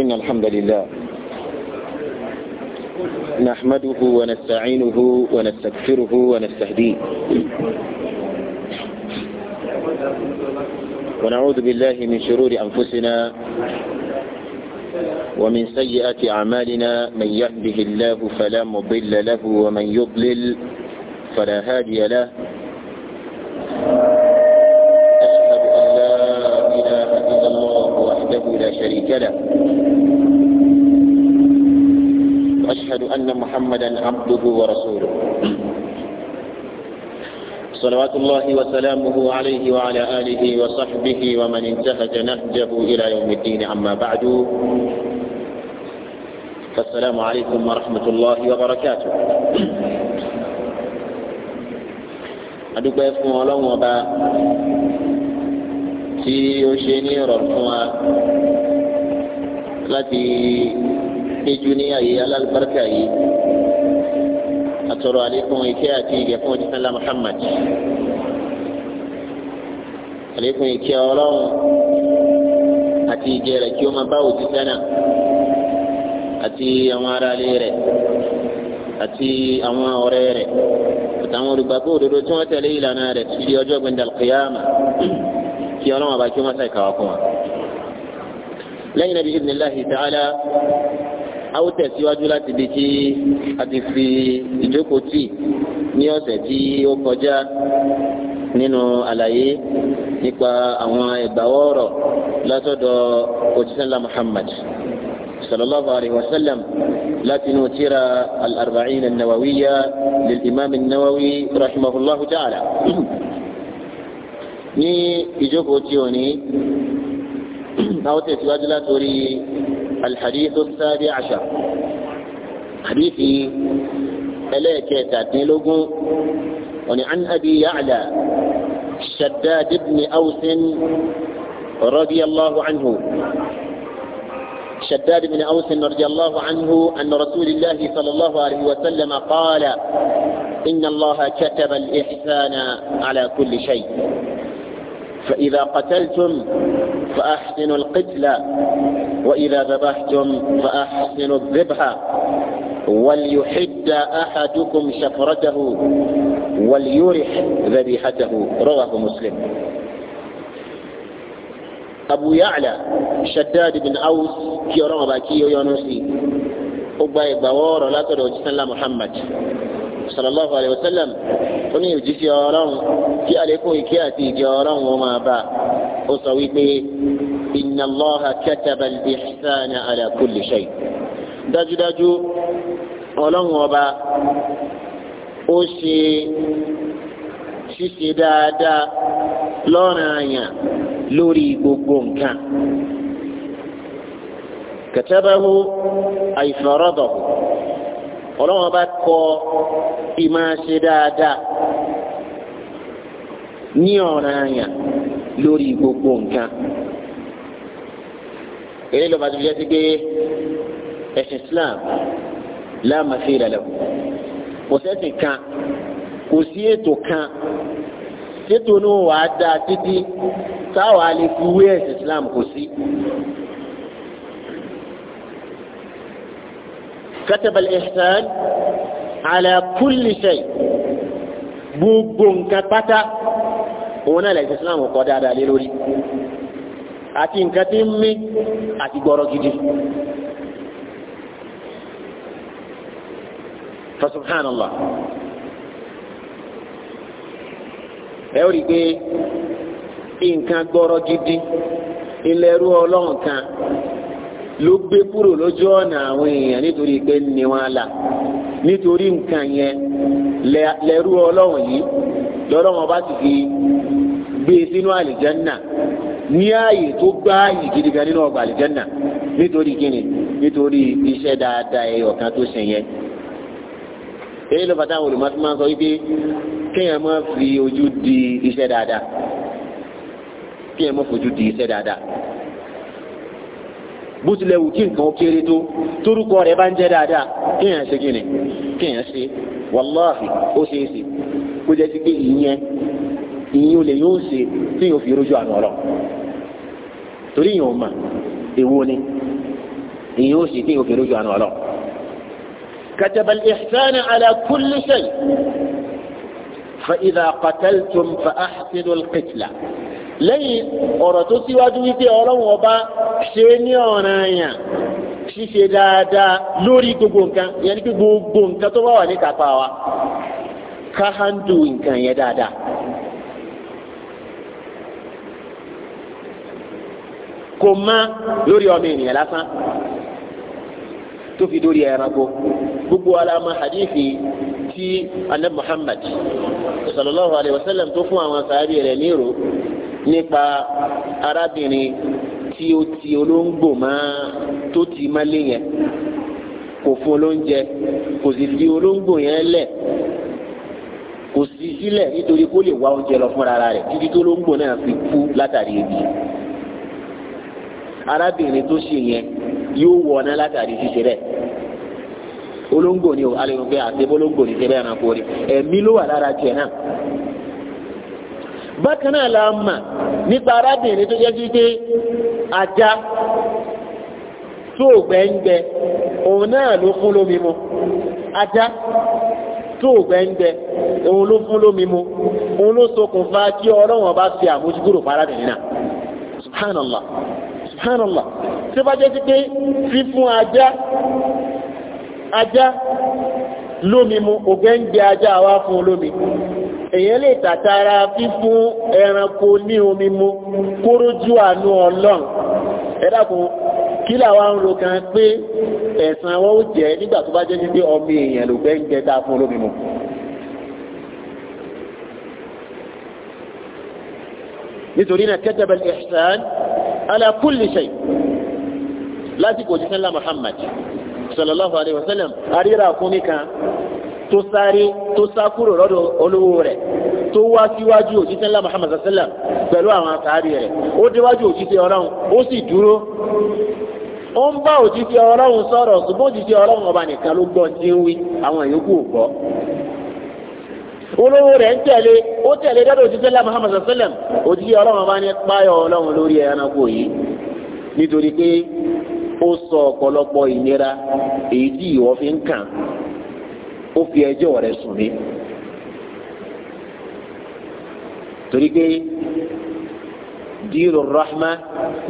إن الحمد لله نحمده ونستعينه ونستغفره ونستهديه ونعوذ بالله من شرور أنفسنا ومن سيئات أعمالنا من يهده الله فلا مضل له ومن يضلل فلا هادي له أن محمدا عبده ورسوله صلوات الله وسلامه عليه وعلى آله وصحبه ومن انتهج نهجه إلى يوم الدين أما بعد فالسلام عليكم ورحمة الله وبركاته أدوك fún ọlọ́run وباء tí ó ṣe ní duniya yayi albarka yi atọrọ alekun ike àti ìgẹ̀ fún òjijì ńlá Muhammad alekun ike Ọlọ́run àti ìgẹ̀ rẹ̀ kí ó máa bá òjijì náà àti àwọn aráalé rẹ̀ àti àwọn ọ̀rẹ́ rẹ̀ àtàwọn olùgbàgbọ́ òdodo tí wọ́n tẹ̀lé ìlànà rẹ̀ ti di ọjọ́ gbẹndàlùkìyàmà kí Ọlọ́run àbá kí wọ́n sàìkàwá fún wa. lẹ́yìn nàbí ibùdó láhìí tààlà a ó tẹ̀síwájú láti ibi tí a ti fi ìjókòó tì ní ọ̀sẹ̀ tí ó kọjá nínú àlàyé nípa àwọn ìgbàwọ́ ọ̀rọ̀ látọ̀dọ̀ òjísànlá Muhammad sallallahu alayhi wa sallam láti inú tírà al-arba'in an-nawawiyya lil imam nawawi rahimahullahu ta'ala ní ìjókòó tí ò ní a látòrí. الحديث السابع عشر حديثي إليك تعتنلق عن أبي يعلى شداد بن أوس رضي الله عنه شداد بن أوس رضي الله عنه أن رسول الله صلى الله عليه وسلم قال إن الله كتب الإحسان على كل شيء فإذا قتلتم فأحسنوا القتل وإذا ذبحتم فأحسنوا الذبح وليحد أحدكم شفرته وليرح ذبيحته رواه مسلم أبو يعلى شداد بن أوس كي رغب كي يونسي أبا يبور لا تدعو محمد sallallahu alayhi wa sallam ó ní òjíṣẹ́ ọlọ́run kí àlékún ìkẹ́ àti ìjẹ ọlọ́run wọn máa bá ó sọ wípé inna Allaha kataba al-ihsana ala kulli shay dájúdájú ọlọ́run ọba ó ṣe ṣíṣe dáadáa lọ́ranyàn lórí gbogbo nǹkan katabahu ay faradahu ọlọ́wọ́n bá kọ ìmáa ṣe dáadáa ní ọ̀ràn àyàn lórí gbogbo nǹkan. èyí ló bá tó fi jẹ́ pé ẹ̀sìn Islam láàmà fi ìrẹ̀lẹ̀ kù kò sẹ́sìn kan kò sí ètò kan ṣètò náà wàá dáa títí táwa lè fi wé ẹ̀sìn Islam kò sí. kataba al-ihsan ala kulli shay gbogbo nǹkan pátá òun náà lẹ́sìn islam kọ́ dáadáa lé lórí àti nǹkan tí ń mí àti gbọ́rọ̀ gidi. fasubhanallah ẹ ó rí i pé nǹkan gbọ́rọ̀ gidi ilẹ̀ ẹrú ọlọ́run kan ló gbé kúrò lójú ọ̀nà àwọn èèyàn nítorí pé ní wọn là nítorí nǹkan yẹn lẹ́rú ọlọ́run yìí lọ́lọ́run bá ti fi gbé e sínú àlìjánná ní ààyè tó gbáàyè gidi gan nínú ọgbà àlìjánná nítorí kíni nítorí iṣẹ́ dáadáa ẹyọ kan tó ṣe yẹn èyí ló fàtà àwọn olùmọ̀tò sọ wípé kéèyàn máa fi ojú di iṣẹ́ dáadáa kéèyàn máa fojú di iṣẹ́ dáadáa. bó tilẹ̀ wù kí nǹkan kéré tó torúkọ rẹ̀ bá ń jẹ́ dáadáa kéèyàn ṣe kí ni kéèyàn ṣe wàláhì ó ṣe é ṣe kó jẹ́ sí pé ìyẹn ìyẹn olè yóò ṣe tí yóò fi rojú àná ọ̀rọ̀ torí yóò mà èwo ni ìyẹn ó ṣe tí yóò fi rojú àná ọ̀rọ̀. كتب الإحسان على كل شيء فإذا قتلتم فأحسنوا القتلة lẹ́yìn ọ̀rọ̀ tó síwájú wípé ọlọ́run ọba ṣe ní ọ̀ràn àyàn ṣíṣe dáadáa lórí gbogbo nǹkan yẹn ni pé gbogbo nǹkan tó bá wà ní kápá wa ká handu nǹkan yẹn dáadáa. kò má lórí ọmọ ènìyàn lásán tó fi dórí ẹranko gbogbo alama hadithi ti anabi muhammad sallallahu alayhi wa sallam tó fún àwọn sàábì rẹ̀ ní ìró nípa arábìnrin tí ó ti olóńgbò máa tó ti mọ́lé yẹn kò fún olóúnjẹ kò sì fi olóńgbò yẹn lẹ̀ kò sí sílẹ̀ nítorí kó lè wá oúnjẹ lọ fúnra rẹ̀ títí tó olóńgbò náà fi kú látàrí ebi arábìnrin tó ṣe yẹn yóò wọná látàrí ṣíṣe rẹ̀ olóńgbò ni o alẹ́ wọn pé àti olóńgbò ni ṣe bẹ́ẹ̀ náà kórè ẹ̀mí ló wà lára tiẹ̀ náà bákan náà la mà nípa arábìnrin tó jẹ́ sí pé ajá tó gbẹ́ngbẹ́ òun náà ló fún lómi mu ajá tó gbẹ́ngbẹ́ òun ló fún lómi mu òun ló ṣokùnfà kí ọlọ́wọ̀n bá fi àmójúkúrò parábìnrin náà subhanallah subhanallah tí ó bá jẹ́ sí pé fífún ajá ajá lómi mu ògbẹ́ngbẹ́ ajá wá fún lómi èyàn lè tàtàrà fífún ẹranko ní omi mu kóró jú àánú ọlọ́run ẹ dákun kí làwa ń ro kan pé ẹ̀san wọn ó jẹ́ nígbà tó bá jẹ́ sí pé ọmọ èèyàn ló gbẹ́ ń jẹ dáa fún olómi mu. nítorí náà kataba al-ihsan lásìkò òjíṣẹ́ Muhammad sallallahu alayhi wa sallam àríra tó sáré tó sá kúrò lọ́dọ̀ olówó rẹ̀ tó wá síwájú òjíṣẹ́ ńlá muhammad sallam pẹ̀lú àwọn àtàrí rẹ̀ ó déwájú òjíṣẹ́ ọlọ́run ó sì dúró ó ń bá ọlọ́run ṣùgbọ́n ọlọ́run ọba nìkan ló gbọ́ tí ń wí àwọn yòókù ò olówó rẹ̀ ń tẹ̀lé ó tẹ̀lé ńlá muhammad ó fi ẹjọ́ rẹ̀ sùn mí torí pé diiru rahma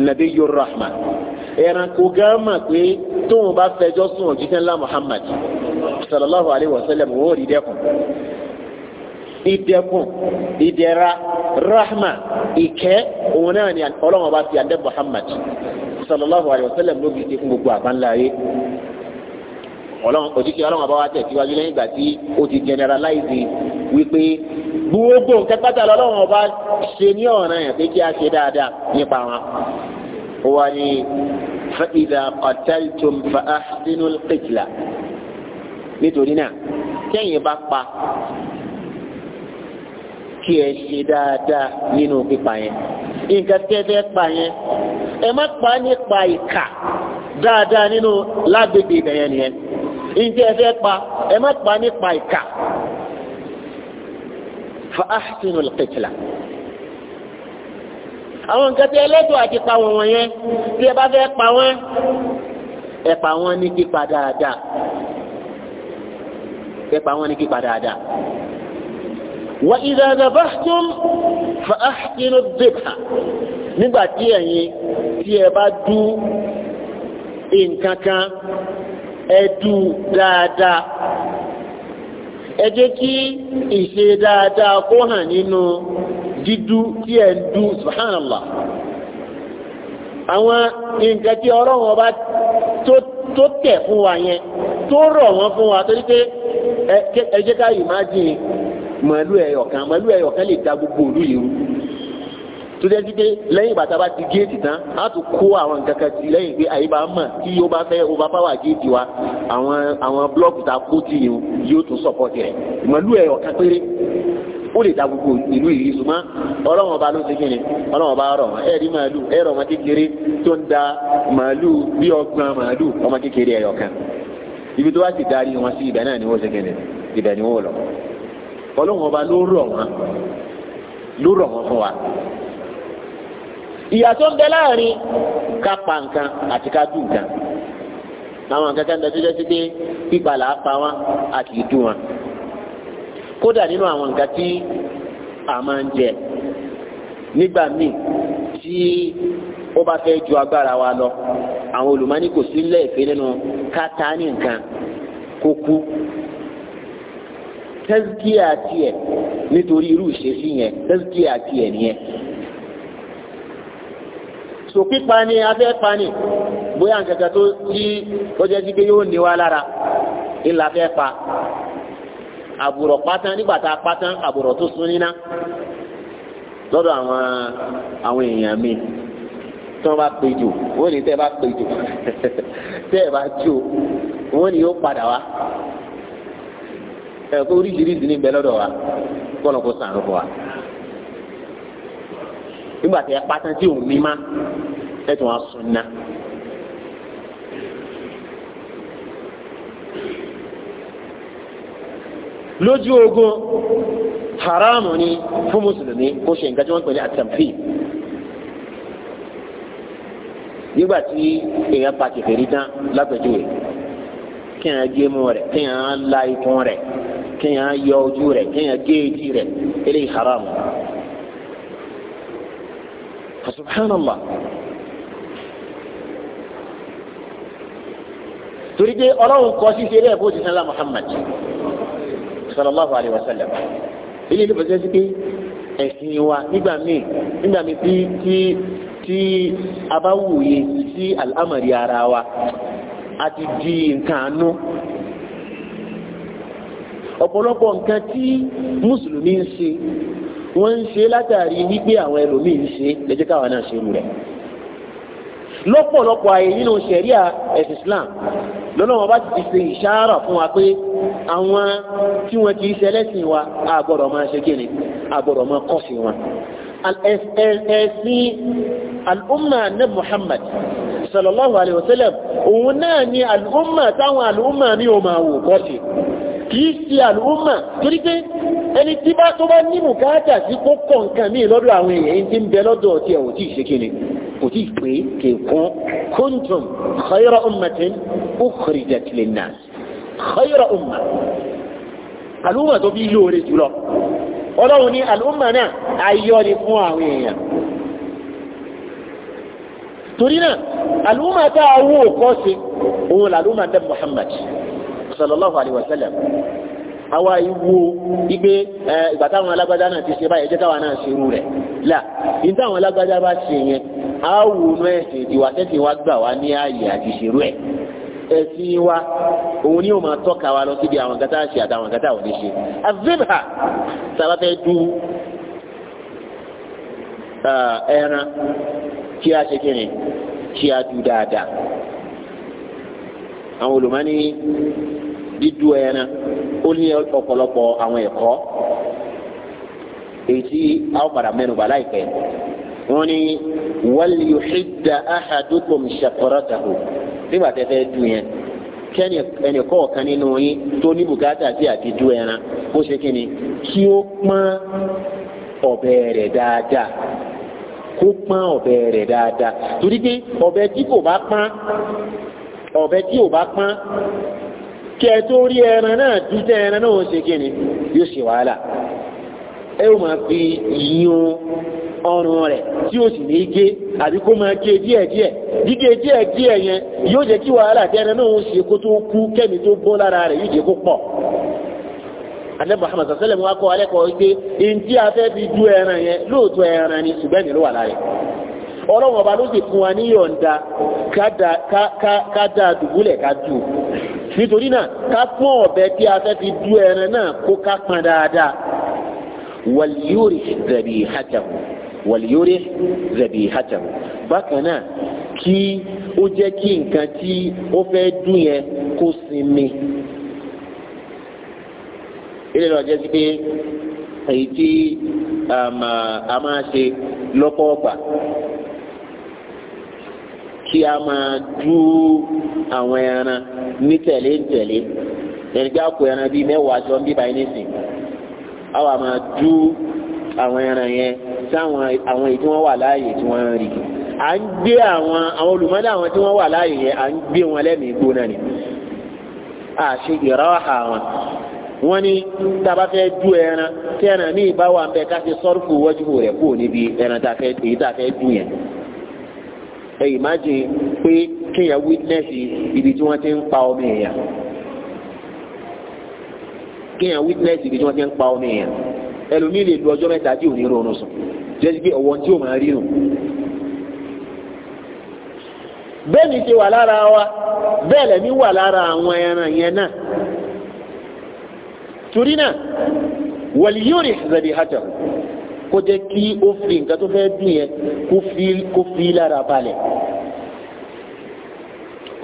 nabiyu rahma ẹranko gama pé tóun bá fẹjọ́ sùn òjíṣẹ́ ńlá muhammad sallallahu alayhi wa sallam wò ó rí dẹ́kun ìdẹ́kun ìdẹ́ra rahma ìkẹ́ òun náà ni ọlọ́wọ́n bá fi adé muhammad sallallahu alayhi wa sallam ló fi ṣe fún gbogbo àbáńlá ọlọ́run òjijì ọlọ́run ọba wa tẹ̀síwájú lẹ́yìn ìgbà tí ó ti generalize wípé gbogbo nǹkan pátá lọ́lọ́run ọba ṣe ní ọ̀ràn yẹn pé kí a ṣe dáadáa nípa wọn. ó wá ní fa'idha qataltum fa ahsinul qitla nítorí náà kẹ́yìn bá pa kí ẹ ṣe dáadáa nínú pípa yẹn nǹkan tẹ́ pa yẹn ẹ má pa nípa ìkà dáadáa nínú lágbègbè ibẹ̀ nìyẹn ǹjẹ́ ẹ fẹ́ pa ẹ má pa nípa ìka fa ahsinu al-qitla àwọn nǹkan tí ẹlẹ́tọ̀ àti pa wọ̀n wọ̀nyẹn tí ẹ bá fẹ́ pa wọ́n ẹ pa wọ́n ní kípa dáadáa ẹ pa wọ́n ní kípa dáadáa wa idha dabahtum fa ahsinu ad nígbà tí ẹ̀yin tí ẹ bá dú nǹkan kan. edu dáadáa ẹ jẹ́ kí ìṣe dáadáa kó hàn nínú dídú tí ẹ ń dú àwọn nǹkan tí ọba tó fún wa yẹn tó rọ̀ wọ́n fún wa torí pé ẹ jẹ́ ká imagine màálù ẹyọ̀kan màálù ẹyọ̀kan lè da gbogbo òlú yìí tó jẹ́ pé lẹ́yìn ìgbà tá a bá ti géètì tán a tún kó àwọn nǹkan kan sí lẹ́yìn pé àyíbá mọ̀ tí ó bá fẹ́ overpower géètì wa àwọn àwọn blọọkù tá a kó tì yìí yóò tún support rẹ̀ ìmọ̀lú ẹ̀ ọ̀kan péré ó lè da gbogbo ìlú yìí sùmọ́ ọlọ́run ọba ló ti kí ni ọlọ́run ọba rọ̀ ẹ rí màálù ẹ rọ̀ ọmọ kékeré tó ń da màálù bí ọgbọ́n màálù ọmọ kékeré ẹ̀yọ̀ kan ibi tó wá ti darí wọn sí ibẹ̀ náà ni wọ́n ti kí ni ibẹ̀ ni wọ́n lọ ọlọ́run ọba ló rọ̀ wọn ló rọ̀ wọn fún wa ìyàtọ̀ ń bẹ láàrin ká pa nǹkan àti ká dùn nǹkan àwọn nǹkan kan dẹ́tí dẹ́tí pé pípa là á pa wọn àti ìdùn wọn kódà nínú àwọn nǹkan tí a máa ń jẹ nígbà míì tí ó bá fẹ́ ju agbára wa lọ àwọn olùmọ́ni kò sí lẹ́ẹ̀fẹ́ nínú ká ta ní nǹkan kó kú tẹ́síkì àti ẹ̀ nítorí irú ìṣesí yẹn tẹ́síkì àti ẹ̀ nìyẹn. so pípa ni afẹ́ pa ni bóyá nǹkankan tó tí ọjọ́ sí pé yóò ní wa lára ìlà fẹ́ pa àbùrọ̀ pátán nígbà pátán àbùrọ̀ tó sún níná lọ́dọ̀ àwọn àwọn èèyàn mi tí wọ́n bá pè jù wọ́n ní tẹ́ bá pè jù tẹ́ bá jù wọ́n ní yóò padà wá ẹ̀ kó oríṣiríṣi ní lọ́dọ̀ wa kọ́nà kó nígbà tí ẹ pátán tí òun mímá ẹ tún wá sunna. lójú ogun haramu ni fún mùsùlùmí kó ṣe nǹkan tí wọ́n ń pè ní àtẹ̀mfì nígbà tí èèyàn pa kèfèrí tán lápẹjúwe kéèyàn gé mú rẹ̀ kéèyàn la ikùn rẹ̀ kéèyàn yọ ojú rẹ̀ kéèyàn gé etí rẹ̀ eléyìí haramu subhanallah torí pé ọlọ́run kọ sí ṣeré ẹ̀kọ́ òjì sálá muhammad sallallahu alayhi wa sallam ilé ìlú bọ̀dé sí pé ẹ̀sìn wa nígbà míì nígbà míì tí tí tí a bá wòye sí àlámọ̀rí ara wa a ti di nǹkan àánú ọ̀pọ̀lọpọ̀ nǹkan tí mùsùlùmí ń ṣe wọ́n ń ṣe látàrí wípé àwọn ẹlòmíì ń ṣe lẹ́jẹ́ káwọn náà ṣe rú rẹ̀ lọ́pọ̀lọpọ̀ ayé nínú ṣẹ̀ríà ẹ̀sìn Islam lọ́nà wọn bá ti ṣe ìṣàárà fún wa pé àwọn tí wọ́n ti ṣẹlẹ́sìn wa àgbọ̀dọ̀ máa ṣe kíni àgbọ̀dọ̀ máa kọ́sì wọn ẹ̀sìn al'umma na Muhammad sallallahu alaihi wasallam òun náà ni al'umma táwọn al'umma ní o máa wò kọ́sì kìí ṣe al'umma torí pé ẹni tí bá tó bá ní bùkátà sí kó kọ̀ nǹkan míì lọ́dọ̀ àwọn èèyàn yìí ti ń bẹ lọ́dọ̀ tí ẹ̀ ò tí ì ṣe kíni kò tí ì pé kéèkún kuntum khayra ummatin ukhrijat linnas khayra umma alúmọ̀ tó bí lóore jùlọ ọlọ́run ní alúmọ̀ náà ayọ́ fún àwọn èèyàn torí náà alúmọ̀ tá a wó kọ́ sí òun làlúmọ̀ dẹ́ Muhammad sallallahu alaihi wa sallam àwa ìwo ipe ìgbà táwọn alágbádá náà ti ṣe báyìí jẹ́ káwa náà ṣe irú rẹ̀ là ní táwọn alágbádá bá ṣe yẹn á wò ná ẹ̀sìn ìdìwà tẹ́sìn wa gbà wá ní ààyè àti ìṣerú ẹ̀ ẹ̀sìn wa òun ni ó máa tọ́ka wa lọ síbi àwọn gata ṣe àtàwọn gata ò ṣe azibha sábàfẹ́ du ẹran kí a ṣe kíni kí a du dáadáa àwọn olùmọ́ dídú ẹran ó ní ọ̀pọ̀lọpọ̀ àwọn ẹ̀kọ́ èyí tí a ó padà mẹ́nu bà láìpẹ́ wọ́n ní wàlíyùhídà ahadukum ṣàkọ́rọ́tàhù nígbà tẹ́ fẹ́ dùn yẹn kẹ́ni ẹnì kọ̀ọ̀kan nínú yín tó ní bùkátà sí àti dú ẹran ó ṣe kí ni kí ó pọ́n ọ̀bẹ rẹ̀ dáadáa kó pọ́n ọ̀bẹ rẹ̀ dáadáa torí pé ọ̀bẹ tí kò bá pọ́n ọ̀bẹ tí ò kí ẹ tó rí ẹran náà dúdẹ ẹran náà ó ṣe kí ni yóò ṣe wàhálà ẹ ó máa fi yíyan ọrùn rẹ̀ tí ó sì ní gé àbí kó máa gé díẹ̀díẹ̀ gígé yẹn yóò jẹ́ kí wàhálà tí ẹran náà ó ṣe kó tó kú kẹ́mi tó bọ́ lára rẹ̀ yóò kó alẹ́ ọlọ́run ọba ló sì fún wa ní yọ̀ǹda ká dáa dùbúlẹ̀ ká dù nítorí náà ká pọ́n ọ̀bẹ tí a fẹ́ fi du ẹran náà kó ká pọn dáadáa wàlíyórì zẹ̀bì hàjàmù wàlíyórì zẹ̀bì hàjàmù bákan náà kí ó jẹ́ kí nǹkan tí ó fẹ́ dùn yẹn kó sinmi ilé lọ sí pé èyí tí um, a máa ṣe lọ́pọ̀ ọgbà kí a máa dú àwọn ẹran ní tẹ̀lé ń tẹ̀lé ẹni pé àpò ẹran bíi mẹ́wàá jọ ń bíbá yín nísìn a wà máa dú àwọn ẹran yẹn sáwọn àwọn èyí tí wọ́n wà láàyè tí wọ́n ń rí à ń gbé àwọn àwọn olùmọ́lẹ̀ àwọn tí wọ́n wà láàyè yẹn à ń gbé wọn lẹ́mìí gbóná ni àṣe ìrọ́hà wọn wọ́n ní taba fẹ́ du ẹran tí ẹran ní ìbáwá ń ti sọ́rùkù wọ́jú rẹ̀ kúrò níbi ẹran tá a fẹ́ èyí tá a fẹ́ du yẹn ẹ imagine pé kéèyàn witness ibi tí wọ́n ti ń pa ọmọ èèyàn kéèyàn witness ibi tí wọ́n ti ń pa ọmọ èèyàn ẹlòmíì lè lu ọjọ́ mẹ́ta tí ò ní ronú sùn jẹ́sí pé ọ̀wọ́n tí ò máa rí bẹ́ẹ̀ ni ṣe wà lára wa bẹ́ẹ̀ lẹ́mí wà lára àwọn ẹran yẹn náà torí náà wọ̀lì yóò rí ṣẹ̀ṣẹ̀ bí hàtà kó jẹ́ kí ó fi nǹkan tó fẹ́ dùn yẹn kó fi kó fi lára balẹ̀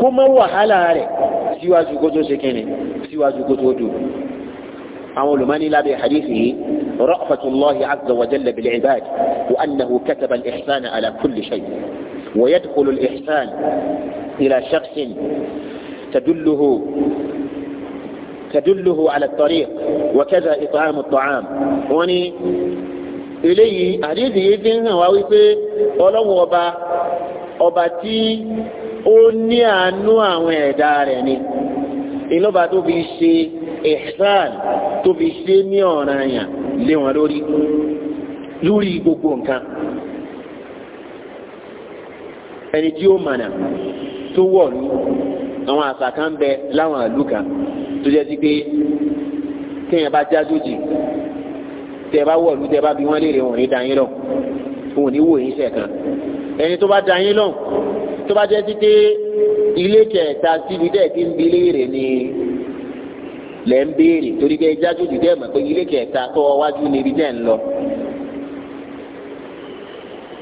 kó mọ́ wàhálà rẹ̀ síwájú kó tó ṣe kínní síwájú kó tó dùn àwọn olùmọ́ni lábẹ́ hadithi yìí rọ́fàtúlọ́hì azawajalla bil ibad wa annahu kataba al-ihsana ala kulli shay wa yadkhulu al-ihsan ila shakhsin تدله تدله على الطريق وكذا إطعام wọ́n ni eléyìí àdéhùn yìí fi ń hàn wá wípé ọlọ́run ọba ọba tí ó ní àánú àwọn ẹ̀dá rẹ̀ ni ìlọ́ba tó fi ṣe ihsan tó fi ṣe ní ọ̀ranyàn lé wọn lórí lórí gbogbo nǹkan ẹni tí ó mànà tó wọ̀ ní àwọn àṣà kan bẹ láwọn àlùkà tó jẹ́ sí pé kéèyàn bá já lójì tẹ bá wọlú tẹ bá bí wọn léèrè wọn ní dayin lọ wọn ò ní wò yín sẹkan ẹni tó bá dayin lọ tó bá jẹ títí ilé kẹta síbi dẹ ti ń bi léèrè ni lẹ ń béèrè torí pé jájú ti dẹ mọ̀ pé ilé kẹta tó wájú níbi dẹ ń lọ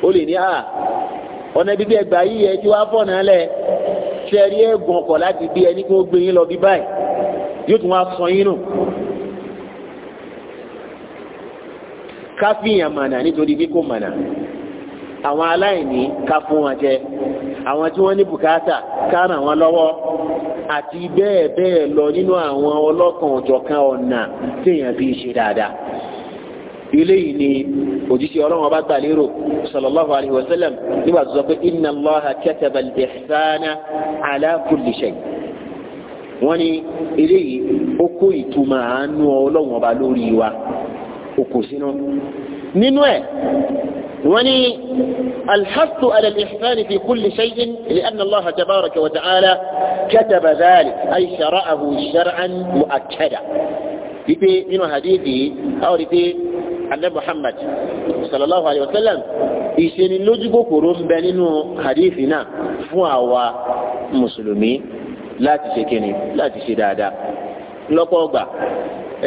ó lè ní a ọ̀nà bíbí ẹgbàá yìí ẹjú wá fọ̀nà lẹ ṣe rí ẹ̀gbọ́n ọkọ̀ láti bí ẹni kó gbé yín lọ bí báyìí yóò tún wá sọ yín nù. káfíyàn mànà nítorí bí kò mànà àwọn aláìní ká fún wọn jẹ àwọn tí wọ́n ní bùkátà ká ràn wọ́n lọ́wọ́ àti bẹ́ẹ̀ bẹ́ẹ̀ lọ nínú àwọn ọlọ́kan ọ̀jọ̀kan ọ̀nà téèyàn fi ṣe dáadáa eléyìí ni òjíṣẹ́ ọlọ́run ọba gbà lérò sallallahu alayhi wa sallam nígbà tó sọ pé inna Allaha kataba al-ihsana ala kulli shay wọ́n ní eléyìí ó kó ìtumọ̀ àánú ọlọ́run ọba lórí wa òkú sínú nínú ẹ̀ wọ́n ní alhassu alàlìsánì fi kúlì ṣẹ́yìn ilẹ̀ annaláha tabaraka wa ta'ala kẹtàbà záàlì ay shara'ahu shar'an mu'akkada wípé nínú hadithi àwọn wípé annabi muhammad sallallahu alaihi wasallam ìṣeni lójú kòkòrò ń bẹ hadithi náà fún àwa mùsùlùmí láti ṣe kíni láti ṣe dáadáa lọ́pọ̀ ọgbà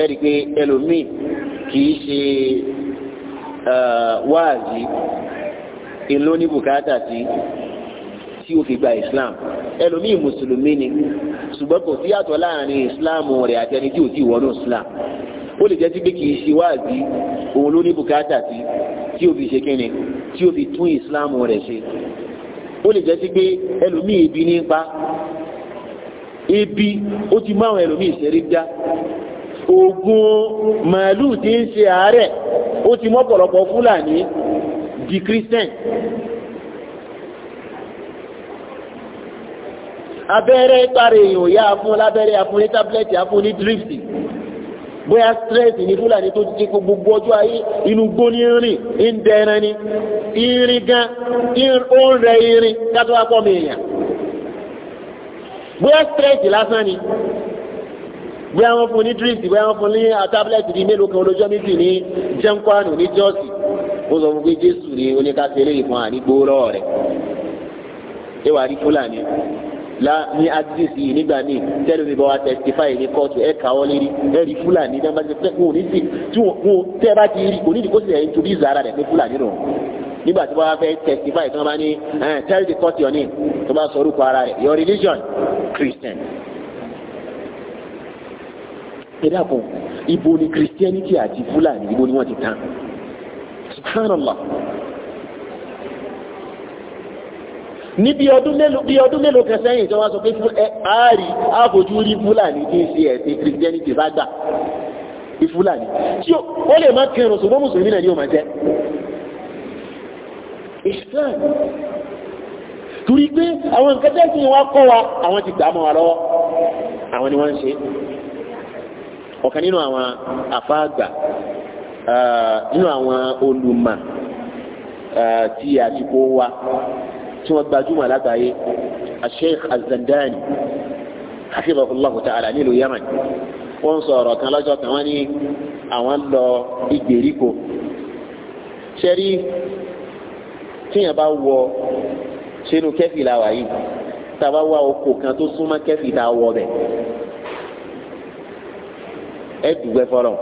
ẹ̀rí pé ẹlòmíì kìí ṣe wáàzí èló ní bùkátà sí tí ó fi gba islam ẹlòmíì mùsùlùmí ni ṣùgbọ́n kò sí yàtọ̀ láàrin islam rẹ̀ àti ẹni tí ò tí wọnú islam ó lè jẹ́ sí pé kìí ṣe wáàzí òun ló ní bùkátà sí tí ó fi ṣe kíni tí ó fi tún islam rẹ̀ ṣe ó lè jẹ́ sí pé ẹlòmíì ibi ní pa ibi ó ti máwọn ẹlòmíì ṣe rí dá oògùn màálù tí ń ṣe àárẹ̀ ó ti mọ́ pọ̀lọpọ̀ fúlàní di christian abẹ́rẹ́ ìparí èèyàn yá fún lábẹ́rẹ́ afún ní tábìlẹ́tì afún ní dírìfì bóyá stress ní fúlàní tó ti kó gbogbo ọjọ́ ayé inú gbó ní rìn ń dẹran ni irin gan ó ń rẹ irin kátó wá mi èèyàn bóyá stress lásán ni bóyá wọ́n fún ní drinks bóyá wọ́n fún ní ah, tábìlẹ̀tì ní mélòó kan olójọ́ méjì ní jẹ́ńkwánù ní jọ́ọ̀sì ó sọ fún pé jésù ní oníkàtí eléyìí fún àdígbò rọ̀ rẹ̀ ẹ wà rí fúlàní la ní axis yìí nígbà míì tẹ́lẹ̀ mi bá wa testify ní kóòtù ẹ kà ọ́ lérí ẹ rí fúlàní náà bá ti fẹ́ kún òní sí tí wọn tẹ́ ẹ bá ti rí òní ìdíkó sì ẹ̀ ń torí ìzara pé fúlàní rò nígbà tí wọ́n bá fẹ́ testify tí wọ́n bá ní eh, tell the court your name tó bá sọ orúkọ ara rẹ̀ your religion Christian ẹ dàpọ̀ ibo ni christianity àti fúlàní ibo ni wọ́n ti tán subhanallah ní bí ọdún mélòó bí ọdún mélòó kan sẹ́yìn tó wá sọ pé fún ẹ ààrí àfojú rí fúlàní tí ń ṣe ẹ̀sìn christianity bá gbà bí fúlàní tí ó lè má kẹrùn ṣùgbọ́n mùsùlùmí náà ni ó máa jẹ́ islam torí pé àwọn nǹkan tẹ́sí wa kọ́ wa àwọn ti gbà mọ́ wa lọ́wọ́ àwọn ni wọ́n ń ṣe ọ̀kan nínú àwọn àfáàgbà ah, nínú àwọn olùmọ̀ ah, ti àsìkò wa tí wọ́n gbajúmọ̀ lágbàáyé Sheikh Az-Zandani hafizahullahu ta'ala nílùú Yemen wọ́n sọ ọ̀rọ̀ kan lọ́jọ́ kan wọ́n ní àwọn lọ ìgbèríko ṣẹ́rí tíyàn bá wọ sínú kẹ́fì làwà yìí tá wá oko kan tó súnmọ́ kẹ́fì tá a wọ bẹ̀ ẹ dùgbẹ́ fọlọ́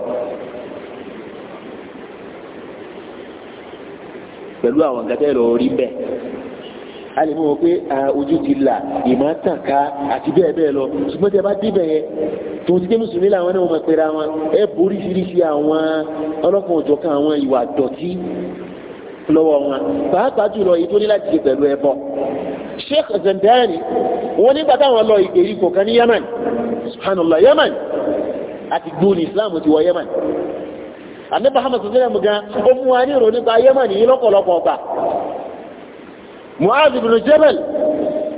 pẹ̀lú àwọn nǹkan tẹ́ lọ rí bẹ́ẹ̀ a lè mú wọn pé ojú ti là ìmọ̀ tàn ká àti bẹ́ẹ̀ bẹ́ẹ̀ lọ ṣùgbọ́n tí a bá débẹ̀ yẹn tó ti ké mùsùlùmí làwọn náà wọ́n pera wọn ẹ borí ṣiríṣi àwọn ọlọ́kan òjọ̀ kan àwọn ìwà dọ̀tí lọ́wọ́ wọn pàápàá jùlọ èyí tó ní láti ṣe pẹ̀lú ẹbọ Sheikh Zandani wọn nígbà táwọn lọ ìgbèríko kan ní Yemen subhanallah Yemen àti gbóni islam ti wọ yemen ànábì muhammad sallam gan ó mú wa ní ìròyìn nípa yemen yìí lọ́pọ̀lọpọ̀ ọgbà mu'adh ibn jabal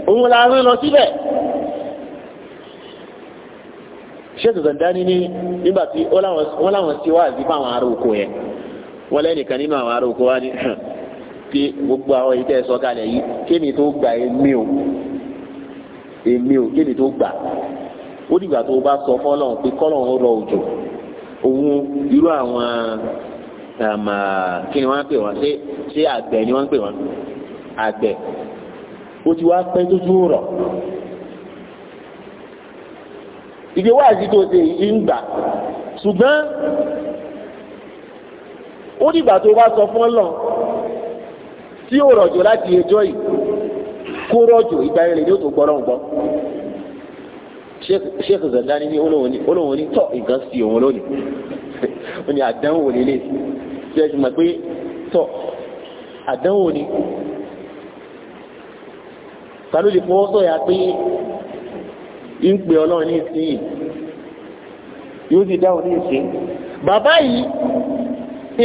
òun la rán lọ síbẹ̀ ṣéètò zandani ní nígbà tí wọ́n láwọn sí wáàzí fún àwọn ará oko yẹn wọ́n lẹ́nìkan nínú àwọn ará oko wa ní pé gbogbo àwọn ìtẹ́ sọ kalẹ̀ yìí kéèmì tó gbà èmi ò èmi ò kéèmì tó gbà ó dìgbà tó o bá sọ fọ́lọ́run pé kọ́lọ́run rọ òjò òun irú àwọn um, kí ni wọ́n pè wọ́n ṣé ṣé àgbẹ̀ ni wọ́n pè wọ́n àgbẹ̀ ó ti wá pẹ́ tójú rọ̀ ìdí wáàzí tó ṣe yìí ń gbà ṣùgbọ́n ó dìgbà tó bá sọ fún ọlọ́run tí ó rọ̀jò láti ẹjọ́ yìí kó rọ̀jò ìgbà yẹn lè ní ó tó gbọ́ gbọ́ sheikh zandani ní olóhùn ní tọ́ nǹkan sí òun lónìí ó ní àdánwò lélẹ̀ tí ẹ ti mọ̀ pé tọ́ àdánwò ni ta ló lè fọwọ́ sọ̀yà pé ń pè ọlọ́run ní ìsinyìí yóò sì dáhùn ní ìsìn bàbá yìí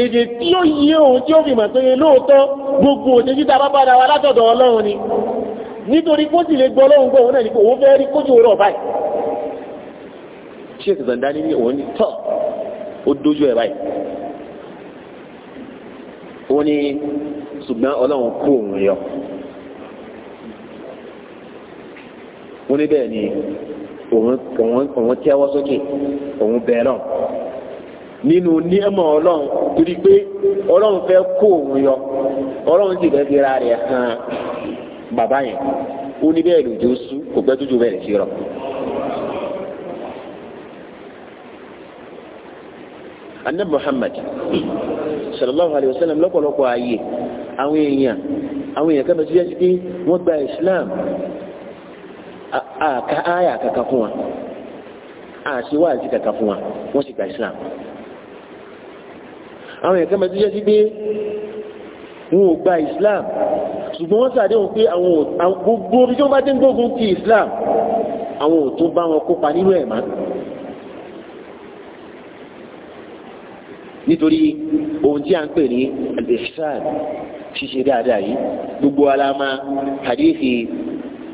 èdè tí ó yí òun tí ó fi mọ̀ pé lóòótọ́ gbogbo òjò jíta bá padà wá látọ̀dọ̀ ọlọ́run ni nítorí kó sì lè gbọ́ ọlọ́run gbọ́ òun náà ní kò wọ́n fẹ́ rí kójú òwúrọ̀ báyìí sheikh Zandani ní òun ní tọ́ ó dójú ẹ̀ báyìí ó ní ṣùgbọ́n ọlọ́run kú òun yọ ó ní bẹ́ẹ̀ ni òun tẹ́wọ́ sókè òun bẹ́ẹ̀ náà nínú níẹ̀mọ̀ ọlọ́run torí pé ọlọ́run fẹ́ kó òun yọ ọlọ́run sì fẹ́ fi ra rẹ̀ hàn bàbá yẹn ó ní bẹ́ẹ̀ lòjó sú kò gbẹ́ tójú bẹ̀rẹ̀ sí rọ̀. anabi muhammad sallallahu alayhi wa sallam lọ́pọ̀lọpọ̀ ààyè àwọn èèyàn àwọn èèyàn kẹ́mẹ́tì jẹ́ sí pé wọ́n gba islam àka àyà kankan fún wa àṣewáàzì kankan fún wa wọ́n sì gba islam àwọn èèyàn kẹ́mẹ́tì jẹ́ sí pé wọn ò gba islam ṣùgbọ́n wọ́n ṣàdéhùn pé àwọn gbogbo orí tí wọ́n bá dé gbógun ti islam àwọn ò tó bá wọn kópa nínú ẹ̀ máa nítorí ohun tí a ń pè ní al-ihsan ṣíṣe dáadáa yìí gbogbo alama hadithi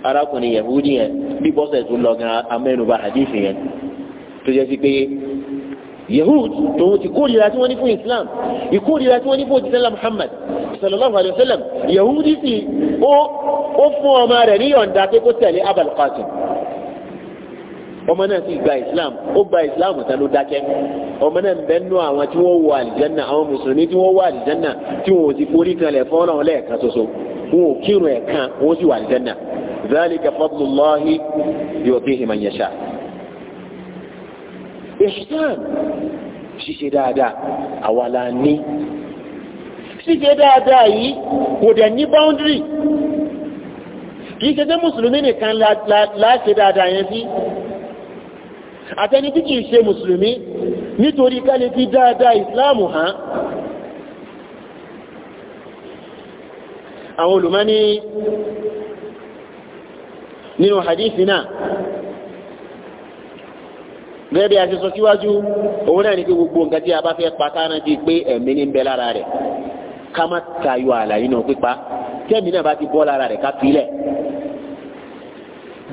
arákùnrin yahudi yẹn bí bọ́sẹ̀ tó lọ gan amẹ́nuba hadithi yẹn tó jẹ́ sí pé yahud tòun ti kórìíra tí wọ́n ní fún islam ìkórìíra tí wọ́n ní fún òjíṣẹ́lá muhammad sallallahu alayhi wa sallam yahudi sì ó fún ọmọ rẹ̀ níyọ̀ǹda pé kó tẹ̀lé abal ọmọ náà sì gba islam ó gba islam tán ló dákẹ́ ọmọ náà bẹ́ẹ̀ nú àwọn tí wọ́n wọ àlìjánná àwọn mùsùlùmí tí wọ́n wọ àlìjánná tí wọn ò sì forí kanlẹ̀ fọ́nà wọn lẹ́ẹ̀kan ṣoṣo wọn ò kírun ẹ̀kan wọn sì wọ àlìjánná zalika fadlullahi yu'tihi man yasha. ihsan ṣíṣe dáadáa àwa la ní ṣíṣe dáadáa yìí kò dẹ̀ ní báńdírì kì í ṣe dé mùsùlùmí nìkan láṣe dáadáa yẹn sí àtẹni tí kìí ṣe mùsùlùmí nítorí ká lè fi dáadáa ìsìláàmù hàn àwọn olùmọ́ni nínú hadith náà gẹ́gẹ́ bí a ti sọ síwájú òun náà ní kí gbogbo nǹkan tí a bá fẹ́ pa kára di pé ẹ̀mí ní ń bẹ lára rẹ̀ ká má tayọ ààlà yìí pípa tẹ́mi náà bá ti bọ́ lára rẹ̀ ká filẹ̀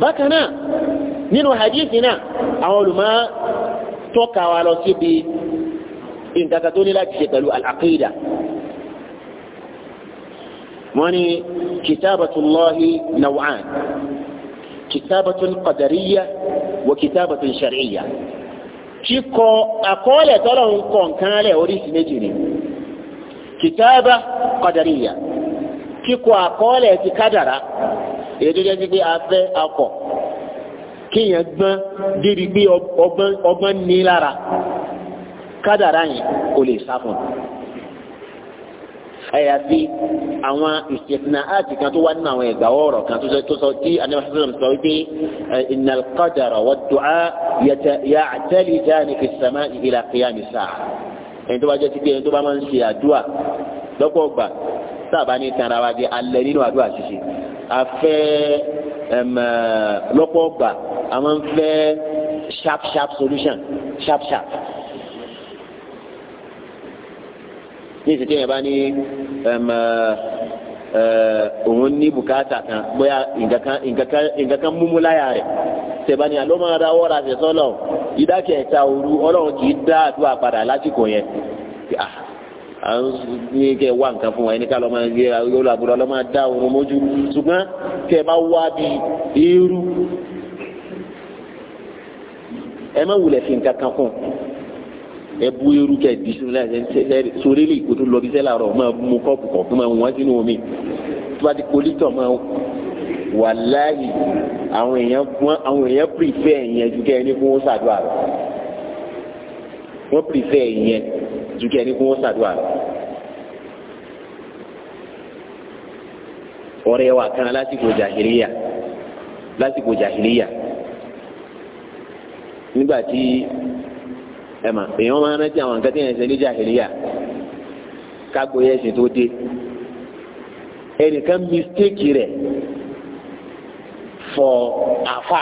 bákan náà nínú hadith náà àwọn olùmọ̀ tọ́ka wa lọ síbi nǹkan kan tó ní láti ṣe pẹ̀lú al-aqida wọ́n ní kitabatullahi naw'an kitabatun qadariyya wa kitabatun shar'iyya kíkọ àkọọ́lẹ̀ tọ́lọ̀ ń kọ nǹkan lẹ̀ oríṣi méjì ni kìtàbà kọ̀dàríyà kíkọ àkọọ́lẹ̀ ti kádàrá èdè jẹ́ pé a fẹ́ akọ̀ kéèyàn gbọ́n débi pé ọgbọ́n ní lára kádàrá yẹn kò lè sá fún un. àyàfi àwọn ìṣẹ̀tìnà àti kan tó wá nínú àwọn ẹ̀gbà ọ̀rọ̀ kan tó sọ tí anamọ́sọ́sọ́sọ́ sọ wípé innal qadara wad du'a ya'talijan fi as-sama'i ila qiyam as-sa'a. ẹni tó bá jẹ́ ti ẹni tó bá máa ń ṣe àdúrà lọ́pọ̀ ọgbà sábà ní tanra wa di alẹ́ nínú àdúrà ṣíṣe a fẹ́ lọ́pọ̀ gbà a máa ń sharp sharp solution sharp sharp ní ìsìnkú yẹn bá ní eh, eh, òun ní bùkátà kan bóyá nǹkan kan múmú láyà rẹ̀ tẹ̀bání alómọ́ra wọ́ra ṣẹ̀sọ́ lọ ìdákẹ́ta òru ọlọ́run kì í dá àdúrà padà lásìkò yẹn à ń gbé kẹ wá nǹkan fún wa ẹni ká lọ máa gbé yóò lọ àbúrò lọ máa dá òun mójú ṣùgbọ́n tẹ bá wá bí eérú ẹ má wulẹ̀ fi nǹkan kan fún ẹ bú eérú kẹ di sínú láti ẹ sórí lè kó tó lọ bí sẹ́là rọ̀ máa mú kọ́ọ̀pù kọ̀ọ̀kan máa wọ́n sínú omi tó bá di polítọ̀ máa wàláyì àwọn èèyàn wọn àwọn èèyàn pìrìfẹ́ ẹ̀yẹn ju kẹ́ ẹni fún ṣàdúrà rẹ̀ wọ́n pìrìfẹ́ ẹ̀yẹn ju kí ẹni kó wọ́n ṣàdúrà lọ. ọ̀rẹ́ wa kan lásìkò jàhìlíyà lásìkò jàhìlíyà nígbà tí ẹ mà èèyàn máa rántí àwọn nǹkan tí yẹn ń ṣe ní jàhìlíyà kágbó yẹn ṣe tó dé ẹnìkan mistéèkì rẹ̀ fọ àfà.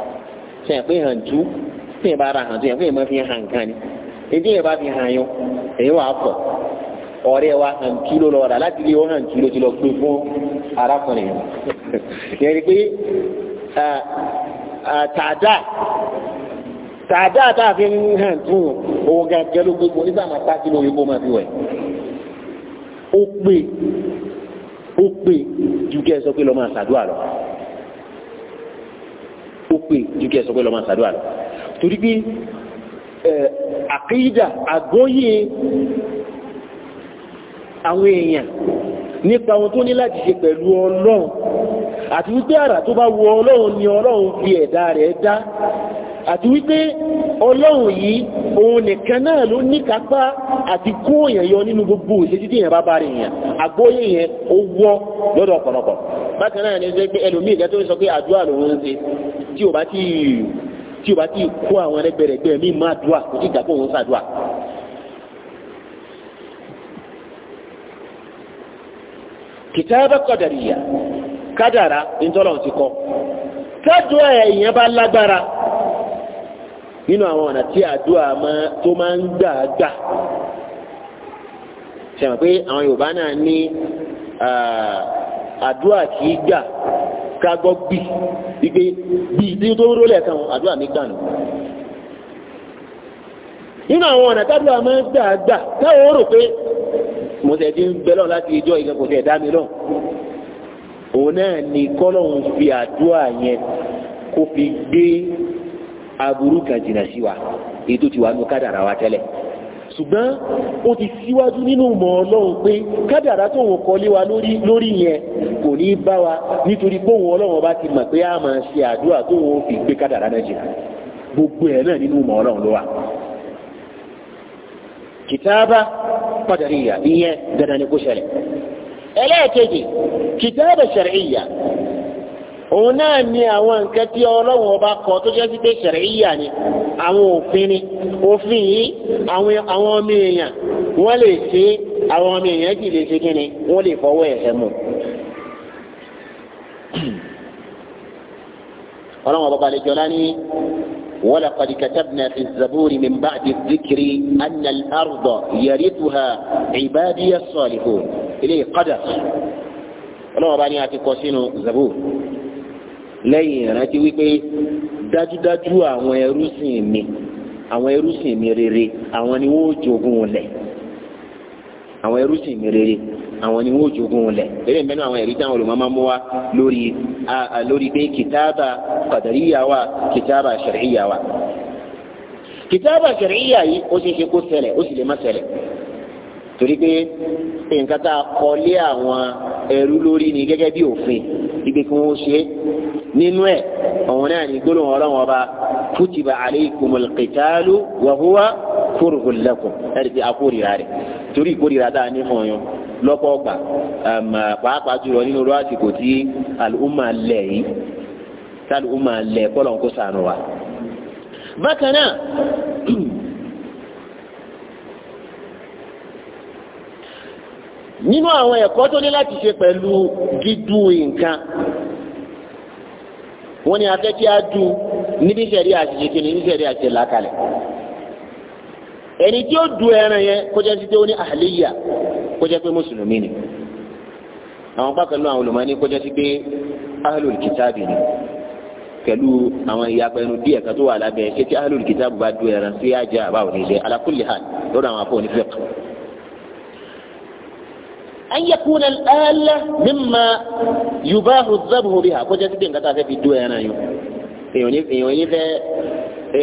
sẹ́yìn pé hàn jù sẹ́yìn bá ra hàn jù yẹn pé èèmọ̀ fi hàn nǹkan ni èdè yẹn bá fi hàn yọ èyí wà á kọ̀ ọ̀rẹ́ wa hàn jù ló lọ rà láti lè wọ́n hàn jù ló ti lọ gbé fún arákùnrin yẹn yẹn ni pé tàdá tàdá tá a fi ń hàn jù òun gàgẹ́ ló gbogbo nígbà máa pa sínú oyinbo máa fi wẹ̀ ó pè ó pè ju kẹ́ ẹ sọ pé lọ́ máa ṣàdúrà lọ pè ju kí ẹ sọ pé lọ́mọ àṣàdúrà lọ torí pé àkídà àgbọ́yé àwọn èèyàn nípa ohun tó ní láti ṣe pẹ̀lú ọlọ́run àti wípé àrà tó bá wọ ọlọ́run ni ọlọ́run fi ẹ̀dá rẹ̀ dá àti wípé ọlọ́run yìí òun nìkan náà ló ní kápá àti kó èèyàn yọ nínú gbogbo ìṣẹ́jú tí èèyàn bá bá rí èèyàn àgbóyè yẹn ó wọ́ lọ́dọ̀ ọ̀pọ̀lọpọ̀ bákan náà ni ó jẹ́ pé ẹlòmíì ìgbà sọ pé àdúrà lòun ń ṣe tí o bá ti tí o bá ti kó àwọn ẹlẹgbẹrẹgbẹ mi máa dùn à kò tí ìjà kó òun ṣàdùà. kìtàbà kọ̀dàríyà kádàrá ìjọlọ̀ ti kọ́ tádùá èèyàn bá lágbára nínú àwọn ọ̀nà tí àdúrà tó máa ń gbà gbà ṣe pé àwọn Yorùbá náà ní àdúrà kì gbà ká gbọ́ gbì ìgbé bí ìdí tó ń rólẹ̀ kan àdúrà mi gbà nù. nínú àwọn ọ̀nà tábìlì àmọ́ gbà gbà táwọn ó rò pé mo tẹ̀ ti ń bẹ lọ́n láti ijọ́ ìgbà kò tẹ̀ dá mi lọ́n. òun náà ni kọ́lọ́hún fi àdúrà yẹn kó fi gbé aburú kan jìnnà sí wa èyí tó ti wà nù kádàrà wa tẹ́lẹ̀ ṣùgbọ́n ó ti síwájú nínú mọ̀ ọlọ́run pé kádàrá tó wọn kọ lé wa lórí yẹn kò ní bá wa nítorí pé òun ọlọ́run ọba ti mọ̀ pé a máa ṣe àdúrà tó wọn fi gbé kádàrá náà jìnnà gbogbo ẹ̀ náà nínú mọ̀ ọlọ́run ló wà. kìtàbà qadariyya ìyẹn dandan ni kó ṣẹlẹ̀ ẹlẹ́ẹ̀kejì kìtàbà shar'iyya òun náà ni àwọn nǹkan tí ọlọ́run ọba kọ tó jẹ́ sí pé ṣẹ̀ríyà ni àwọn òfin ni òfin yìí àwọn ọmọ èèyàn wọ́n lè ṣe àwọn ọmọ èèyàn sì lè ṣe kí ni wọ́n lè fọwọ́ ẹ̀ṣẹ̀ mú. ọlọ́run ọba balẹ̀ jọlá ní ولقد كتبنا في الزبور من بعد الذكر أن الأرض يرثها عبادي الصالحون إليه قدر ọlọ́run ọba ní a ti kọ sínú zabur lẹ́yìn ìrántí wípé dájúdájú àwọn ẹrúsìn mi àwọn ẹrúsìn mi rere àwọn ni wọ́n jogún lẹ̀ àwọn ẹrúsìn mi rere àwọn ni wọ́n jogún lẹ̀ eré mẹ́nu àwọn ẹ̀rí táwọn olùmọ́mọ́ mú wa lórí lórí pé kìtáàbà qadariyya wa kìtáàbà shar'iyya wa kìtáàbà ó ṣe kó ó sì lè má torí pé nǹkan tá a kọ lé àwọn ẹrú lórí ni gẹ́gẹ́ ibi kí wọ́n ṣe nínú ẹ̀ òun náà ní gbólóhùn ọlọ́run ọba kutiba alaykumul qitalu wa huwa kurhun lakum ẹ̀rí ti akórira rẹ̀ torí ìkórira dáa ní mọ̀ yẹn lọ́pọ̀ ọgbà um, pàápàá jùlọ nínú ọdún àsìkò tí alùmọ̀ lẹ̀ yìí tí alùmọ̀ lẹ̀ kọ́lọ̀ ń kó sànù wa. bákan náà nínú àwọn ẹ̀kọ́ tó ní láti ṣe pẹ̀lú dídú nǹkan wọ́n ní afẹ́ kí a dú níbi ìṣẹ̀rí àṣìṣe kí ni níbi ìṣẹ̀rí àṣìṣe làákàlẹ̀ ẹni tí ó dú ẹran yẹn kó jẹ́ títí ó ní àhàlíyà kó jẹ́ pé mùsùlùmí ni àwọn pàkànnú àwọn olùmọ̀ọ́ni kó jẹ́ sí pé ahlul kitabi ni pẹ̀lú àwọn ìyapẹnu díẹ̀ kan tó wà lábẹ́ ṣé tí ahlul kitabi bá dú ẹran sí àjà àbáwò nílé ala kulli hal lọ́dọ̀ àwọn afọ onífẹ́kọ̀ọ́ an yakuna al-ala mimma yubahu adh-dhabhu biha kó jẹ́ síbi nǹkan tá a fẹ́ fi dó ẹran yìí èèyàn ní fẹ́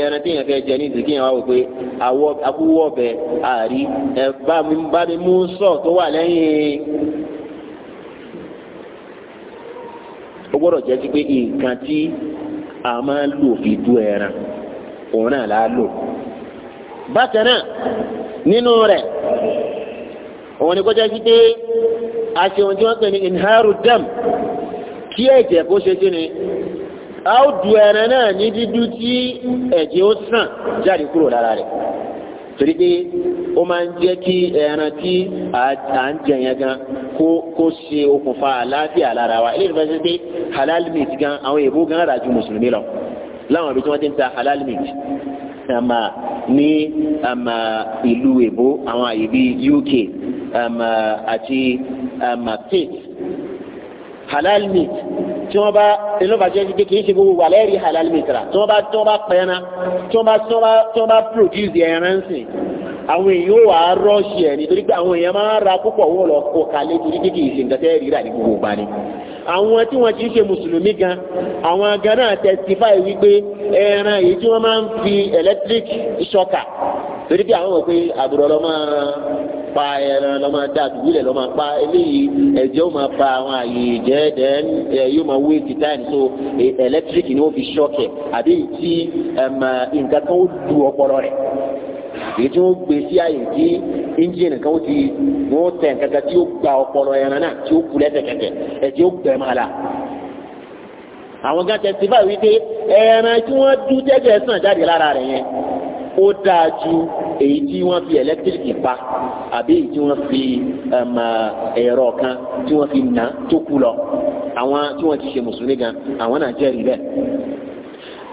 ẹran tí èèyàn fẹ́ jẹ ní ìsìnkí yẹn wá wò pé àwọ̀ akúwọ̀ ọ̀bẹ àrí ẹ bá mi bá mi mú sọ̀ tó wà lẹ́yìn ó gbọ́dọ̀ jẹ́ sí pé nǹkan a máa ń fi dú ẹran òun náà la lò bákan náà nínú rẹ̀ òun ni kọjá sí pé a ṣe ohun tí wọ́n pè ní inharu dam kí ẹ̀jẹ̀ kó ṣe sí ni a ó du ẹran náà ní dídú tí ẹ̀jẹ̀ ó sàn jáde kúrò lára rẹ̀ torí pé ó máa ń jẹ́ kí ẹran tí à ń jẹ yẹn gan kó ṣe okùnfà àlàáfíà lára wa eléyìí fẹ́ pé halal meat gan àwọn èèbó gan rà ju mùsùlùmí lọ láwọn ibi tí wọ́n ti ń ta halal meat sàmà ní ìlú èbó àwọn àyè bíi UK àti Cape halal meat tí wọ́n bá inú bàjẹ́ ti dé kì í ṣe gbogbo wà halal meat rà tí wọ́n bá tí wọ́n bá pẹ́ẹ́ná tí wọ́n bá tí wọ́n bá tí wọ́n bá produce ẹran sìn àwọn èèyàn wà á rọ́ọ̀ṣì ẹ̀ nítorí pé àwọn èèyàn máa ń ra púpọ̀ wọ́n lọ kalẹ̀ torí pé kì í ní gbogbo ìgbà ni àwọn tí wọ́n ti ṣe mùsùlùmí gan àwọn gan náà testify wípé ẹran èyí tí wọ́n máa ń fi electric shocker torí pé àwọn mọ̀ pé àbúrò lọ́ máa pa ẹran lọ́ máa dá àdúgbìlẹ̀ lọ́ máa pa eléyìí ẹ̀jẹ̀ ó máa pa àwọn àyè jẹ́ẹ̀dẹ́ ẹ̀ yóò máa wé ti táyà so e, electric ni wọ́n fi shocker. àbí tí nǹkan kan ó du ọpọlọ rẹ̀ èyí tí wọ́n gbé sí àyè tí engine kan ó ti wọ́n tẹ̀ kankan tí ó gba ọpọlọ ẹran náà tí ó kú lẹ́sẹ̀kẹsẹ̀ ẹ̀jẹ̀ ó gbẹ̀ máa la àwọn gan tẹ̀sí báyìí wípé ẹran tí wọ́n dú tẹ́jẹ̀ sàn jáde lára rẹ̀ yẹn ó dáa ju èyí tí wọ́n fi ẹ̀lẹ́tíríkì pa àbí èyí tí wọ́n fi um, ẹ̀rọ kan tí wọ́n fi nà tó kú lọ àwọn tí wọ́n ti ṣe mùsùlùmí gan àwọn náà jẹ́rìí bẹ́ẹ̀.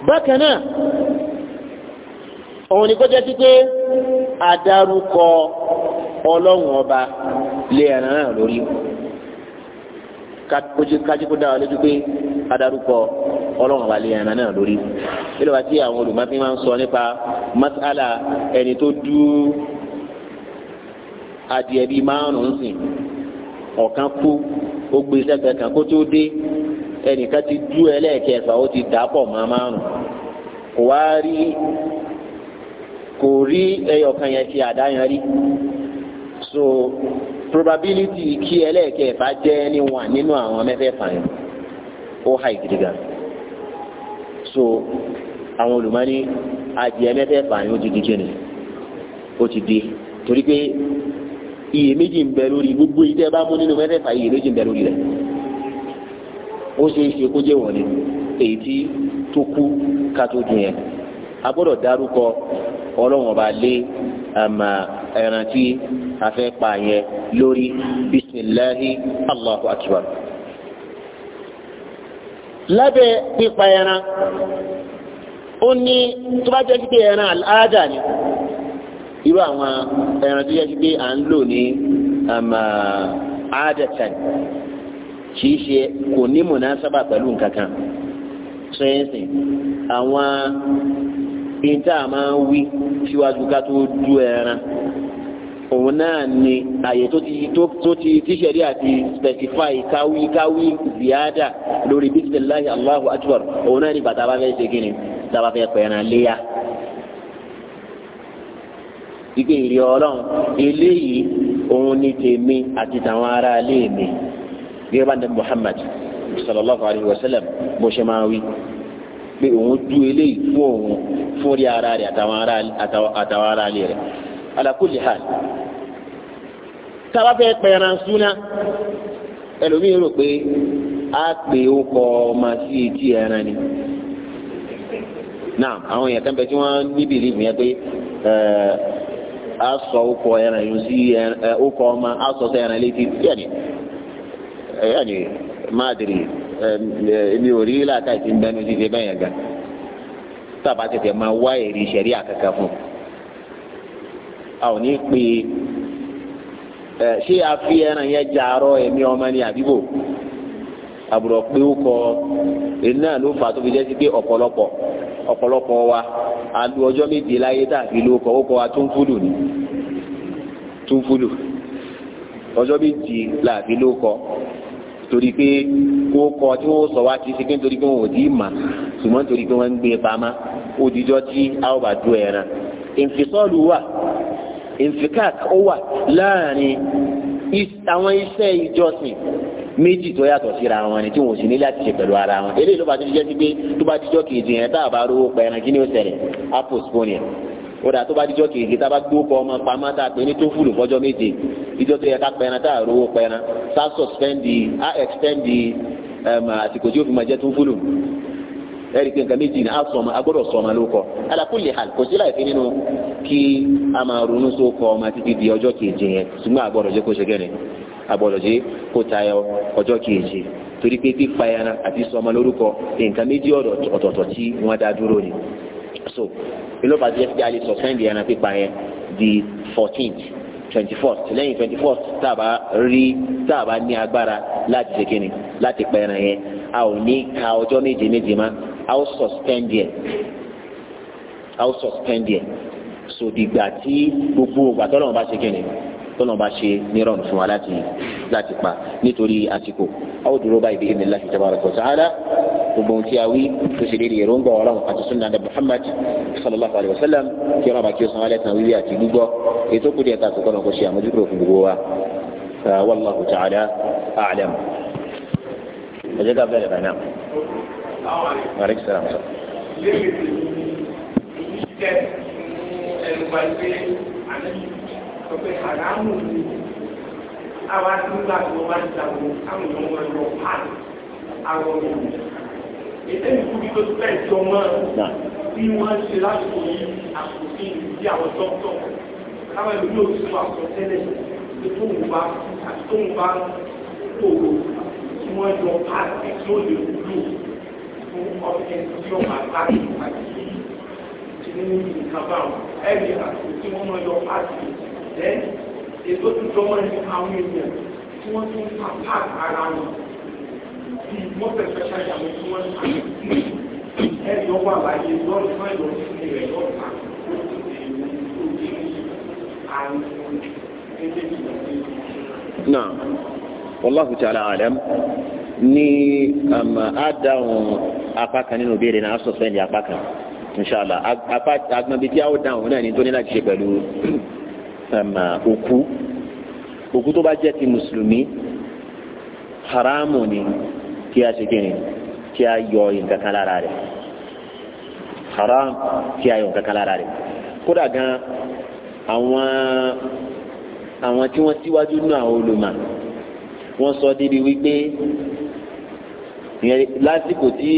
bákan náà òun ni kó jẹ́ sí pé adarúkọ ọba lè ràn án lórí kájí kó lójú pé adarúkọ ọlọ́run ọba lè ràn án lórí nílò wá àwọn olùmọ́fín máa ń sọ nípa masala ẹni tó dú adìẹ bíi márùn-ún sìn ọ̀kan kú ó gbé sẹ́gbẹ̀ẹ́ kan kó tó dé ẹnìkan ti dú ẹlẹ́ẹ̀kẹfà ó ti dà pọ̀ mọ́ márùn-ún kò kò rí ẹyọ kan yẹn ti àdáyan rí so probability kí ẹlẹ́ẹ̀kẹfà jẹ́ ẹni wà nínú àwọn mẹ́fẹ̀ẹ̀fà yẹn ó high gidi so àwọn olùmọ́ni adìẹ mẹ́fẹ̀ẹ̀fà yẹn ó ti di kíni ó ti di torí pé iyèméjì ń bẹ lórí gbogbo ìtẹ́ bá mú nínú mẹ́fẹ̀ẹ̀fà iyèméjì ń bẹ lórí rẹ̀ ó ṣeé ṣe kó jẹ́ wọ̀nyí èyí tí tó kú ká tó dùn yẹn a gbọ́dọ̀ dárúkọ ọlọ́run ọba lé àmà ẹran tí a fẹ́ pa yẹn lórí bisimilahi allahu akbar. lábẹ́ pípa ẹran ó ní tó bá jẹ́ pípé ẹran àlàáda ni irú àwọn ẹran tó jẹ́ pípé à ń lò ní àmà àádẹ́tẹ̀ kì í ṣe kò ní mọ̀nà sábà pẹ̀lú nǹkan kan ṣẹ́yìn sìn àwọn ìta máa ń wí síwájú ká tó du ẹran òun náà ni àyè tó ti tó ti tíṣẹ̀rí àti specify káwí káwí ziada. lórí bisimilahi allahu akbar òun náà ni bàtà bá fẹ́ ṣe kíni tàbá fẹ́ pẹ̀ràn léyà. ìgbé ìrì ọlọ́run eléyìí òun ni tèmi àti tàwọn ará ilé mi gẹ́gẹ́ bá ń Muhammad sallallahu alayhi wa sallam bó ṣe máa wí. pé òun ju eléyìí fún òun fún rí ara rẹ̀ àtàwọn ara rẹ̀ rẹ̀ ala hal táwa súná ẹlòmíín rò pé a pè ó kọ ọmọ sí etí ẹran ni náà àwọn èèyàn kan bẹ tí wọ́n ní bìlíìfù yẹn pé a sọ ó ẹran yìí sí ó ọmọ a sọ ẹran létí yìí. E, èmi ò rí làákàyè tí ń bẹnu ṣíṣe bẹ́yẹn gan sábà tètè máa wá èrè ìṣẹ̀rí àkàkà fún un a ò ní pè é ẹ ṣé a fi ẹran yẹn jẹ àárọ̀ ẹ̀mí ọmọ ní àdúgbò àbúrò pé ó kọ èyí náà ló fà tó fi jẹ́ sí pé ọ̀pọ̀lọpọ̀ ọ̀pọ̀lọpọ̀ wa a lu ọjọ́ méje láyé tàbí ló kọ ó kọ wa tún fúlù ní tún fúlù ọjọ́ méje làbí torí pé kó kọ tí wọ́n sọ wá ti ṣe pé nítorí pé wọn ò tí ì mà ṣùgbọ́n nítorí pé wọ́n ń gbé pamá odijọ́ tí a ó bá du ẹran ìfisọ́ọ̀lù wà ìfikàk ó wà láàrin àwọn iṣẹ́ ìjọsìn méjì tó yàtọ̀ síra wọn ni tí wọn ò sì ní láti ṣe pẹ̀lú ara wọn eléyìí ló bá ti jẹ́ sí pé tó bá dijọ́ kejì yẹn tá a bá rówó pẹ̀rẹ̀ kí ni ó ṣẹlẹ̀ á postpone yẹn. kódà tó bá dijọ́ kejì tá a bá gbó kọ́ ọmọ pamọ́ tá a pè ní tó fúlù fọ́jọ́ méje dijọ́ tó yẹ ká pẹran tá a rówó pẹran tá a suspend a extend um, àsìkò tí ó fi máa jẹ́ tó fúlù ẹ̀rí pé nǹkan méjì ni a sọ̀mọ́ a gbọ́dọ̀ sọ̀mọ́ ló kọ́ ala kulli hal kò sí nínú kí a máa ronú kọ́ di ọjọ́ kejì yẹn ṣùgbọ́n jẹ́ kó ṣe gẹ́rẹ́ jẹ́ kó tayọ ọjọ́ kejì torí pé ẹran àti so ìlú bàtí jẹ́ pé a lè suspend ẹran pípa yẹn di fourteenth twenty first lẹ́yìn twenty first tá a bá rí tá a bá ní agbára láti ṣe kíni láti pa ẹran yẹn a ò ní ka ọjọ́ méje méje má a ó suspend yẹn a ó suspend yẹn so dìgbà tí gbogbo ògbà tọ́lọ́mù bá ṣe kíni tọ́nà bá ṣe nírọ̀nù fún wa láti láti pa nítorí àsìkò a ó dúró báyìí bíi nílá tabaraka wa ta'ala gbogbo ohun tí a wí tó ṣe déédéé èròǹgbà ọ̀rọ̀ àti sunna ní muhammad sallallahu alayhi wa sallam kí ọ̀rọ̀ àbákí ọ̀sán alẹ́ tán wíwí àti gbígbọ́ ètò kúdí ẹ̀ka àkọ́kọ́ náà kò ṣe àmójúkúrò fún gbogbo wa wallahu ta'ala a'lam ẹ ká bẹ̀rẹ̀ báyìí náà. Maaleykum salaam wa sọ pé àdámù ni àwa tí nígbà tí wọ́n bá ti dàgbò àwọn èèyàn wọn lọ pàdé àwọn ọmọ ètò ìfúbi tó fẹ́ jọ mọ́ bí wọ́n ṣe lásìkò yìí àkókò ìlú bí àwọn dókítọ̀ káwọn ìlú yóò tún àkọ tẹ́lẹ̀ tó ń bá àti tó ń bá tòrò tí wọ́n jọ pàdé tí ó lè wúlò fún ọ̀sẹ̀ tí ó máa bá àti ní ìkàbáwọn ẹ̀rí àkókò tí wọ́n mọ̀ yọ pàdé ẹ́ ètò tó jọmọ́ ní àwọn èèyàn tí wọ́n tún pa páàkì ara wọn bí wọ́n fẹ̀fẹ́ ṣáàjà wọn tí wọ́n ta ẹ̀ yọ wà láyé lọ́rùn fún ẹ̀yọ́ sí rẹ̀ lọ́ta ó ti dé ìlú tó dé àrùn méjèèjì náà wallahu ta'ala alam ní um, a dáhùn apá kan nínú ìbéèrè náà a sọ sẹ́yìn apá sàmà òkú òkú tó bá jẹ́ ti mùsùlùmí haramu ni kí a ṣe kíni kí a yọ nǹkan kan lára rẹ̀ haram kí a yọ nǹkan kan lára rẹ̀ kódà gan àwọn àwọn tí wọ́n síwájú nínú àwọn olùmọ̀ wọ́n sọ débi wípé lásìkò tí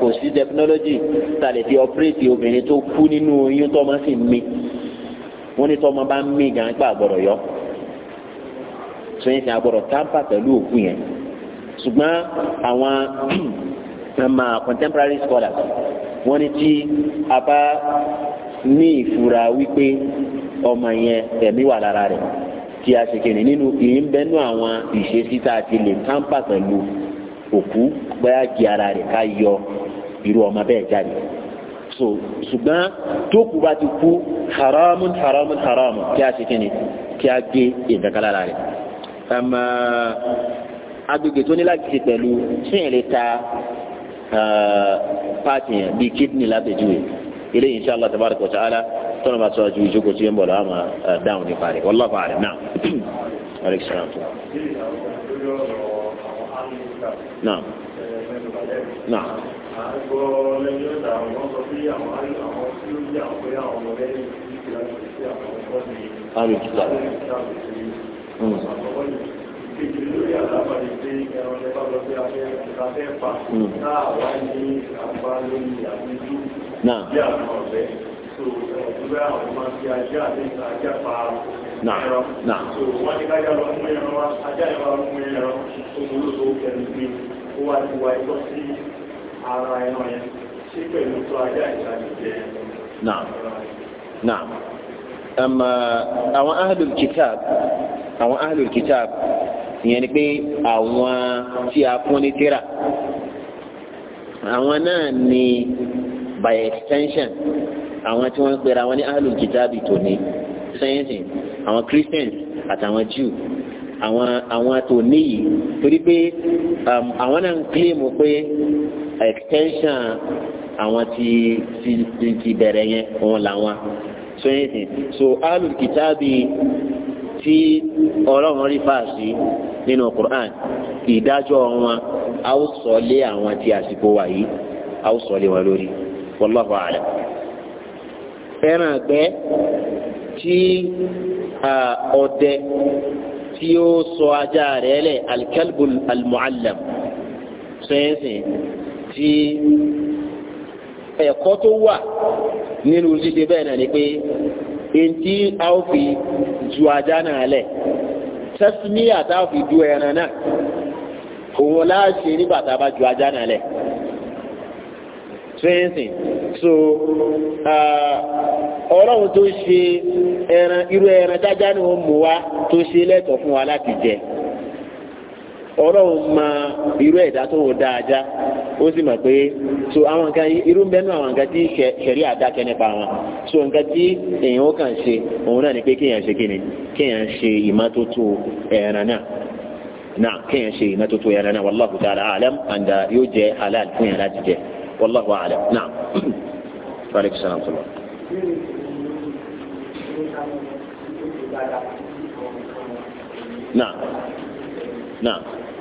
kò sí technology tá lè fi ọpírẹ́tì obìnrin tó kú nínú oyún tó máa sì mí wọ́n ní tọ́mọ bá ń mí gan gbà gbọ́dọ̀ yọ sọyìn sìn agbọ́dọ̀ tampa pẹ̀lú òkú yẹn ṣùgbọ́n àwọn ọmọ contemporary scholars wọ́n ní tí a bá ní ìfura wípé ọmọ yẹn ẹ̀mí wà lára rẹ̀ tí a ṣe kéde nínú ìyín bẹ́nu àwọn ìṣesí tá a ti lè tampa pẹ̀lú òkú bóyá di ara rẹ̀ ká yọ irú ọmọ bẹ́ẹ̀ jáde so ṣùgbọ́n tó kù bá ti kú haramun haramun haramun kí a ṣe kí ni kí a gbé ìdàkálà rẹ̀ ẹ̀mọ́ agbègbè tó ní láti ṣe pẹ̀lú tíyẹn lè ta paati yẹn bíi kidney lábẹ́júwe ilé insha Allah tabaraka wa ta'ala tọ́nà bá sọ ju ìjókòó tí yẹn bọ̀ lọ́wọ́ máa dáhùn nípa rẹ̀ wallahu a'lam náà alex santo. náà náà àgbọ̀ lẹ́yìn ọ̀dà àwọn sọ pé àwọn àrí àwọn tí ó yà pé àwọn ọmọ lẹ́yìn tí kì láti fi sí àwọn ọmọ ní àríkìlá hmm. àkọ́kọ́ yìí kejì lórí àlábàdì pé ẹran lè bá lọ sí afẹ́ ìfẹ́ pa náà hmm. wá ní àpá lórí àbíjú bí àwọn ọ̀bẹ tó ẹ̀dúgbẹ́ àwọn máa fi ajá àti ajá pa ẹran ara ẹran yẹn sí pẹ̀lú tó ajá ìsàlẹ̀ jẹ. Naam. Naam. Àmà eh, àwọn ahlul kitab àwọn ahlul kitab ìyẹn ni pé àwọn tí a fún ní tírà àwọn náà ni by extension àwọn tí wọ́n ń pera wọn ní ahlul kitabi tòní sẹ́yìnsìn àwọn christians àtàwọn jew àwọn àwọn tòní yìí torí pé àwọn náà ń kílèmù pé extension àwọn ti ti ti bẹ̀rẹ̀ yẹn òun làwọn so yẹn sìn so alul kitabi tí ọlọ́run rí fàásì nínú Qur'an ìdájọ́ wọn a ó sọ lé àwọn tí àsìkò wà yìí a ó sọ lé wọn lórí wallahu a'lam fẹ́ràn àgbẹ̀ tí ọdẹ tí ó sọ ajá rẹ̀ lẹ̀ alkalbul almuallam sẹ́yìn sẹ́yìn sí ẹ̀kọ́ tó wà nínú ṣíṣe bẹ́ẹ̀ náà ni pé èyí tí a ó fi ju ajá náà lẹ̀ tẹ́símíyà tá a fi ju ẹran náà òun láàṣẹ nígbà tá a bá ju ajá náà lẹ̀ trẹ́nsìn so ọlọ́run tó ṣe ẹran irú ẹran jájá ni wọ́n mú wa tó ṣe lẹ́tọ̀ọ́ fún wa láti jẹ ọlọ́run mọ irú ẹ̀dá tó wò dáadáa ó sì mọ̀ pé so àwọn nǹkan irú ń bẹ́nu àwọn nǹkan tí ṣẹ̀rí àdákẹ́ nípa wọn so nǹkan tí èèyàn ó kàn ṣe òun náà ni pé kéèyàn ṣe kíni kéèyàn ṣe ìmọ́tótó ẹran náà náà kéèyàn ṣe ìmọ́tótó ẹran náà wallahu ta'ala a'lam àǹdà yóò jẹ halal fún yàrá ti jẹ wallahu a'lam náà. Aleykum salaam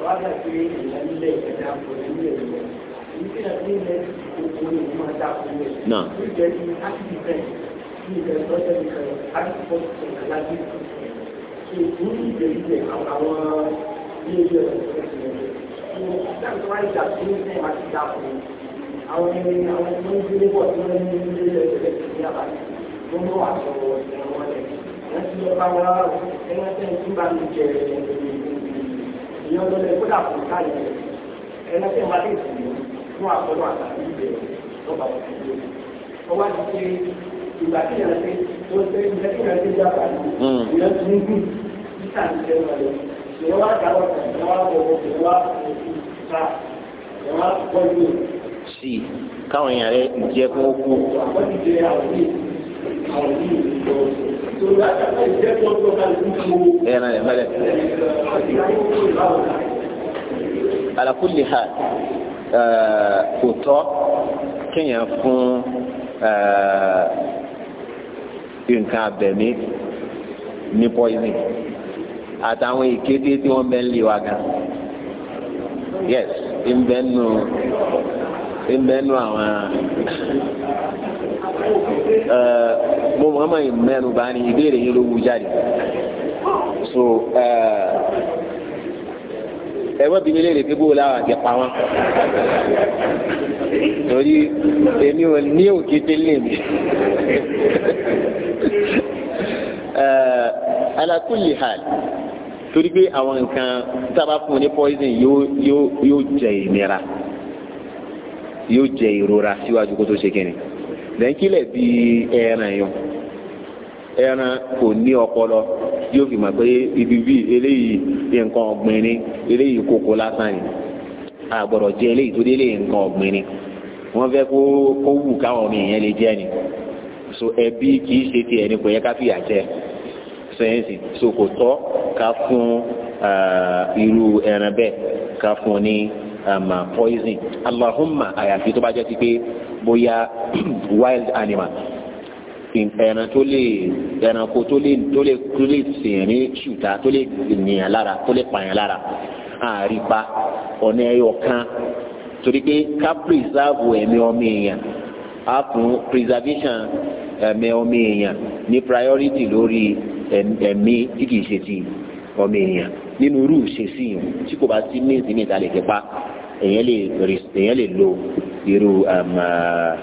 wàhálà pé ìlànà ilẹ̀ ìkẹta kò ní ilẹ̀ ìlẹ̀ ìdílé àti ilẹ̀ òkú ni mo máa dá fún mi. náà ó jẹ́ ní ákìtì bẹ́ẹ̀ ní ilẹ̀ lọ́jọ́ nìkan ákìtì bọ́ọ̀sì kan alájú ṣe ìlú ìjẹ ilẹ̀ àwọn ilé ilẹ̀ ìṣẹ̀lẹ̀ mo dáńtọ́ wáyé dà fún mi máa ti dá fún mi. àwọn ẹni àwọn tó ń gbélé bọ̀ tí wọ́n ní ilé ilẹ̀ ìṣẹ̀lẹ̀ ìṣẹ̀lẹ̀ àbáyé tó ń bọ̀ àtọ̀wọ̀ ìṣẹ̀lẹ̀ wọn lẹ̀ wọ́n ti lọ bá wọn ẹgbẹ́ èèyàn lọ́lẹ̀ kó dà fún káyọ̀ ẹni tí wọ́n ti sùn fún àkọ́lọ́ àtàkì ìbẹ̀rẹ̀ lọ́ba òkú ọwọ́ ti ṣe ìgbà tí yàrá ṣe tó ṣe ìgbà tí yàrá ṣe dábàá ní hmm. ìyẹn tó ń gùn títà ní ṣe wà ìyẹn wá dáwọ́ ìyẹn wá ìyẹn wá bọ̀ ìta ìyẹn wá bọ̀ ìlú. sí káwọn èèyàn rẹ jẹ kó kú. àwọn ti ẹran rẹ̀ mẹ́lẹ̀. ala kulli hal kò tọ́ kéèyàn fún nǹkan abẹ̀mí ní poison àtàwọn ìkéde tí wọ́n bẹ́ ń lé wa gan yes ń bẹ́ nù ń bẹ́ àwọn. Eh, mo mọ̀ọ́mọ̀ yìí mẹ́nu bá ní ìbéèrè yín ló wú jáde so eh, ẹ wọ́n bí mi léèrè pé bóòlù àwọn àti pa wọn torí èmi ò ní òkété lè mi eh, ala kulli hal torí pé àwọn nǹkan tábà fún ní poison yóò yóò yóò jẹ ìnira yóò jẹ ìrora síwájú kó tó ṣe kínní lẹ́ńkílẹ̀ di ẹran yìí ẹran kò ní ọpọlọ yóò fi mọ̀ pé ibi bíi eléyìí nǹkan ọ̀gbìn ni eléyìí kókó lásán ni àgbọ̀dọ̀ jẹ eléyìí tó délé nǹkan ọ̀gbìn ni wọ́n fẹ́ kó kó wù káwọn ọmọ èèyàn lè jẹ́ ni so ẹbí kì í ṣe tiẹ̀ ni kò yẹ ká fìyà jẹ sẹ́yìnsì so kò tọ́ ká fún irú ẹran bẹ́ẹ̀ ká fún ní poison Allahumma àyàfi tó bá jẹ́ ti pé bóyá wild animal ẹran tó lè ẹranko tó lè tó lè tó lè sèrìn ṣùtá tó lè nìyàn lára tó lè pààyàn lára àrípa ọ̀nà ẹyọ kan torí pé ká pírísàvù ẹ̀mí ọmọ èèyàn á fún preservation ẹ̀mí ọmọ èèyàn ní priority lórí ẹ̀mí tí kìí ṣe ti ọmọ èèyàn nínú irú ìṣesí yìí tí kò bá sí ní ìsinmi ìdálẹ̀ kẹpa èèyàn lè lo irú um, uh,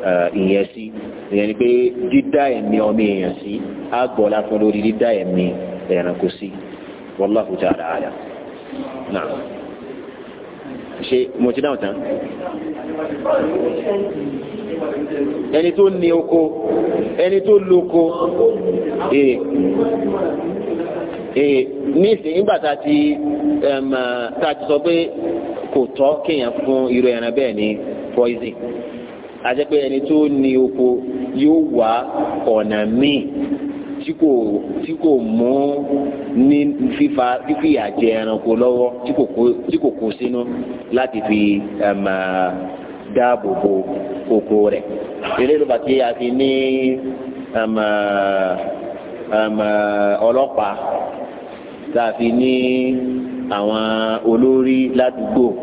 uh, ìyẹn sí ìyẹn ni pé dídá ẹ̀mí ọmọ èèyàn sí á gbọ́ láfún lórí dídá ẹ̀mí ẹranko sí wallahu ta'ala a'lam náà ṣe mo ti dáhùn tán ẹni tó ní oko ẹni tó lóko ee ee ní ìsìn nígbà tá a um, uh, tá a ti sọ pé kò tọ́ kéèyàn fún irú ẹran bẹ́ẹ̀ ni poison àti pé ẹni tó ní oko yóò wá ọ̀nà míì tí kò tí kò mú ní fífa fífìyà jẹ ẹranko lọ́wọ́ tí kò kó sínú láti fi um, uh, dáàbò bo oko rẹ̀ eléyìí ló bá a fi ní um, uh, um, uh, ọlọ́pàá tá a fi ní àwọn olórí ládùúgbò.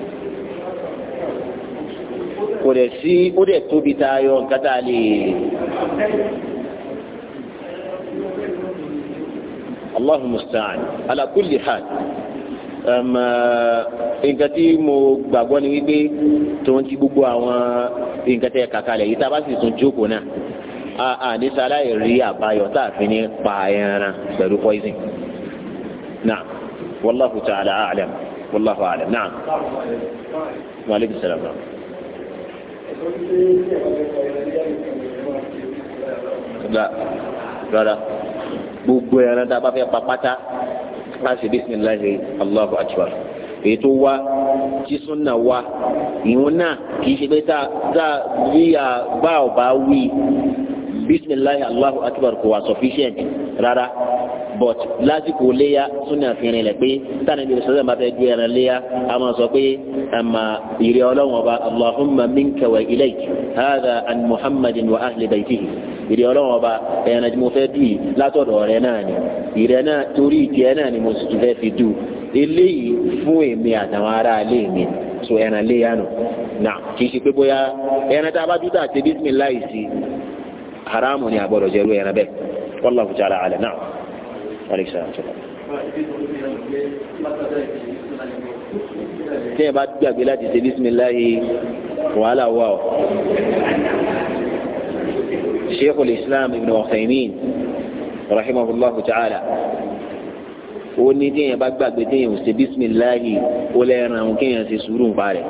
kò dẹ̀ sí ó dẹ̀ tóbi tá a yọ nǹkan tá a lè. Allahu musta'an ala kulli hal eh, nǹkan tí mo gbàgbọ́ ni wípé tó ń ti gbogbo àwọn nǹkan tẹ́ kàkà lẹ̀ yìí tá a bá sì tún jókòó náà a ní sáláì rí àbáyọ tá a fi ní pa ẹran pẹ̀lú poison náà wallahu ta'ala a'lam wallahu a'lam náà maaleykum salaam la rárá gbogbo ẹran tá a bá fẹ́ pa pátá bisimilahi allahu akbar èyí tó wá tí súnà wá ìhun náà kì í ṣe pé tá a bí a bá ọba wí bisimilahi allahu akbar kò wá sufficient rárá but lásìkò léya súnà fìrin lẹ pé tani bí sọ́dọ̀ bá fẹ́ ju ẹran léya a máa sọ pé àmà ìrẹ́ ọlọ́run ọba allahumma minka wa ilayk hadha an muhammadin wa ahli baytihi ìrẹ́ ọlọ́run ọba ẹ̀yàn àti mo fẹ́ dù yìí látọ̀dọ̀ rẹ náà ni ìrẹ́ náà torí ìjẹ́ náà ni mo sì fẹ́ fi dù eléyìí fún èmi àtàwọn ará ilé mi so ẹran léya nù náà kì í ṣe pé bóyá ẹran tá a bá dúdà àti bísí mi láì sí haramu ni àgbọ̀dọ̀ jẹ́rú ẹran bẹ́ẹ̀ wallahu ta'ala wàlẹ̀ sọ̀rọ̀ àtúntò. téèyàn bá gbàgbé láti ṣe bísímìláyì wàhálà wà o. شيخ الإسلام ابن عثيمين رحمه الله تعالى ó ní téèyàn bá gbàgbé téèyàn ò ṣe bísímìláhì ó lẹ́ran àwọn kéèyàn ṣe sùúrù ń parẹ́.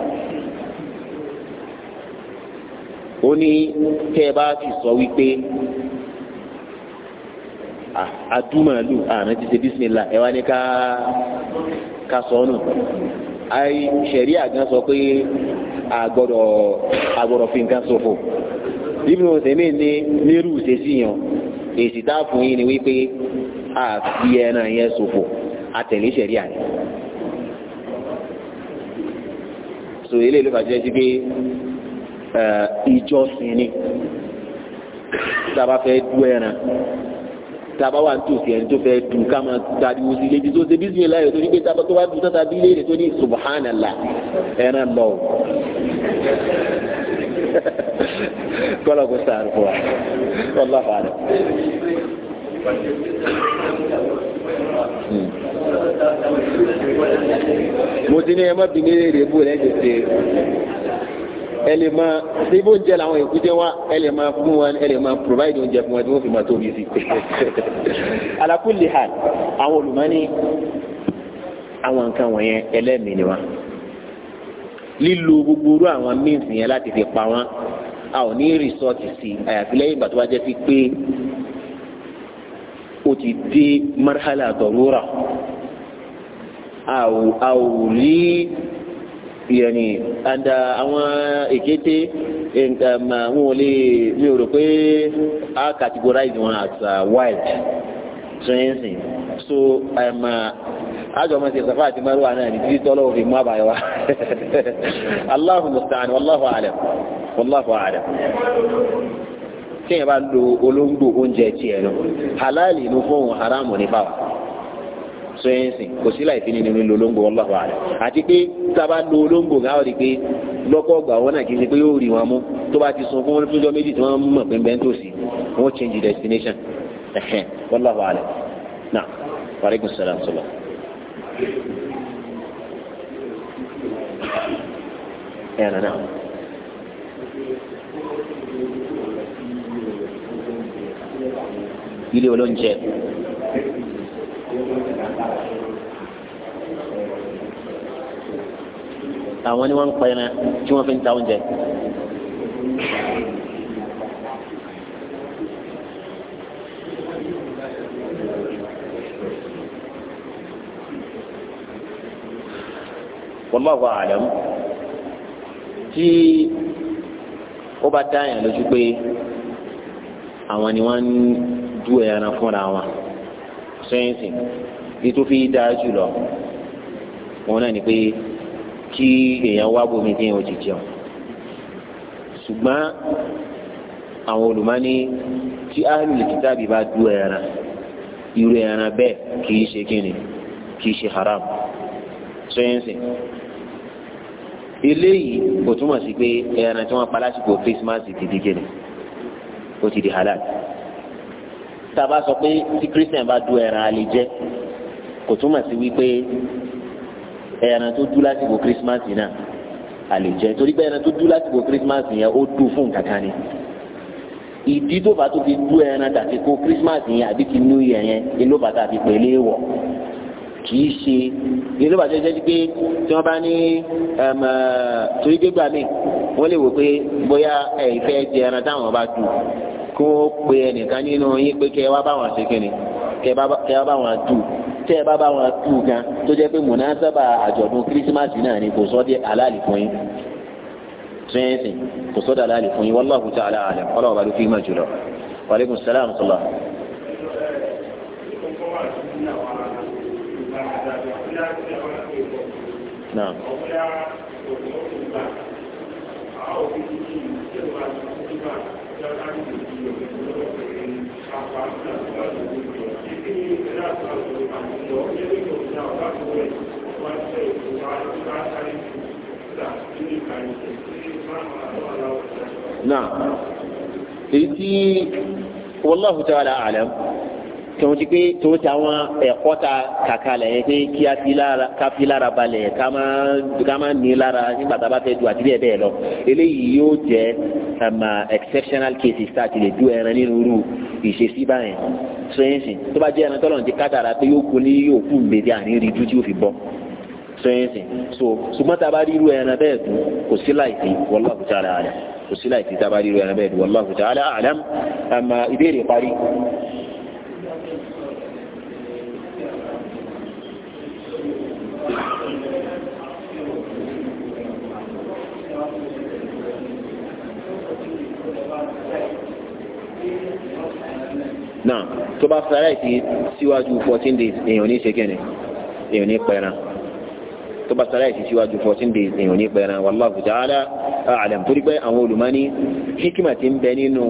ó ní tẹ́ bá ti sọ wípé adúmọ̀lù ah, àná ti ṣe bísímìlà ẹ wá ní ká ká sọ ọ́ nù ayi sẹ̀rí àgán sọ pé àgbọ̀dọ̀ àgbọ̀dọ̀ fi nǹkan ṣòfò bíbí wọn sẹ́mi ní nírú ṣèṣì yàn èsì tá a fún yín ni wípé a fi ẹran yẹn ṣòfò àtẹ̀lé sẹ̀rí àná. so eléyìí ló fàájẹ́ sí pé eh, ìjọsìn ni tá a bá fẹ́ dú ẹran tába wà ní tòsí ẹni tó fẹ́ dùn ká máa tariwo sí lébi tó ṣe bisimilayi tó ní pé tába tó bá dùn tọ́ta bí léèrè tó ní subhanallah ẹran o kọ́lọ̀ kó sàrù fún wa kọ́lá fàdà. Hmm. mo ti ní ẹ má bi ní èrè bó lẹ́yìn tètè ẹ lè máa ṣe ibò ń jẹ làwọn èkúté wa ẹ lè máa fún provide oúnjẹ fún wọn tí wọn fi máa tóbi sí. ala kulli hal àwọn olùmọ́ni àwọn nǹkan wọ̀nyẹn ẹlẹ́mìí ni wa lílo gbogbo orú àwọn means yẹn láti fi pa wọn a ò ní rìsọ́ọ̀tì sí àyàfi lẹ́yìn ìgbà tó bá jẹ́ pé ó ti dé marhala dọ̀rúra a ò rí. yẹni and uh, àwọn um, uh, mi ò rò pé a categorize wọn as uh, wild so um, ọmọ àti maruwa náà títí tọ́lọ́ òfin mú àbáyọ bá lo olóńgbò oúnjẹ tiẹ̀ lọ halali ló fóun haramu ní fáwọn. sẹ́yìnsìn kò sí láì fi nínú lílo olóńgbò wallahu a'lam àti pé sábà lo olóńgbò káwọn rí i pé lọ́kọ̀ ọgbà wọn náà kì í ṣe pé yóò rí wọn mú tó bá ti sun fún wọn fúnjọ méjì tí wọ́n mọ̀ pé bẹ́ẹ̀ ń tòsí wọ́n change destination ẹ̀hẹ́n wallahu a'lam náà wàlẹ́kùn sàlám sọlọ. ẹ̀rọ ilé olóúnjẹ. àwọn ni wọ́n ń pẹran tí wọ́n fi ń ta oúnjẹ. wallahu a'lam tí ó bá dá yàn lójú pé àwọn ni wọ́n ń du ẹran fúnra wọn sẹ́yìn sìn ètò fi dáa jùlọ òun náà ni pé kí èèyàn wá bómi tí èèyàn ò ti jẹun ṣùgbọ́n àwọn olùmọ́ni tí ahlul kitabi bá du ẹran irú ẹran bẹ́ẹ̀ kì í ṣe kíni kì í ṣe haram ṣẹ́yìnsìn eléyìí kò túmọ̀ sí pé ẹran tí wọ́n pa lásìkò Christmas ti di kíni ó ti di halal tá a bá sọ pé tí Christian bá du ẹran a lè kò túmọ̀ sí wípé ẹran tó dú lásìkò kírísímàsì náà a lè jẹ torí pé ẹran tó dú lásìkò kírísímàsì yẹn ó dùn fún kankan ni ìdí tó bá tó fi dú ẹran dàsìkò kírísímàsì yẹn àbí ti nú yẹn yẹn inú bàtà fi pèlè wọ kìí ṣe inú bàtà ṣe ti pé tí wọn bá ní torí gbégbá mi wọn lè wò pé bóyá ẹ ìfẹ́ jẹ ẹran táwọn bá dùn kí wọn pe ẹnìkan nínú yín pé kẹ wá bá wọn ṣe kíni kẹ wá bá wọn dùn tẹ́ ẹ bá bá wọn tú gan tó jẹ́ pé mùnásábà àjọ̀dún kírísímàsì náà ni kò sọ́ dé aláàlì fún yín twenty kò sọ́dọ̀ aláàlì fún yín wallahu ta'ala alam ọlọ́run bá ló fi mọ̀ jùlọ. waaleykum salaam sọlá. naam. نعم والله تعالى أعلم tòun ti pé tòun ti àwọn ẹ̀kọ́ ta kàkà lẹ̀ yẹn pé kí a fi lára ká fi lára balẹ̀ ká má ní lára nígbà tá a bá fẹ́ du àti bẹ́ẹ̀ lọ eléyìí yóò jẹ́ um, exceptional cases tá a ti lè du ẹran nínú irú ìṣesí báyẹn sọyẹ́nsì tó bá jẹ́ ẹran tọ́lọ̀ ti kádàrá pé yóò kún ní yóò kú mbèdé àní rí ju tí yóò fi bọ́ sọyẹ́nsì so ṣùgbọ́n tá a bá rí irú ẹran bẹ́ẹ̀ dùn kò sí láìsí wallahu ta'ala alam kò sí láìsí tá a bá rí irú ẹran bẹ́ẹ̀ dùn wallahu ta'ala alam àmà um, ìbéèrè parí. náà tó bá sàárẹ̀ ti síwájú fourteen days èèyàn ní ṣe kẹ́ni èèyàn ní pẹ̀ran tó bá sàárẹ̀ ti síwájú fourteen days èèyàn ní pẹ̀ran wallahu ta'ala a'lam torí pé àwọn olùmọ́ni hikima ti ń bẹ nínú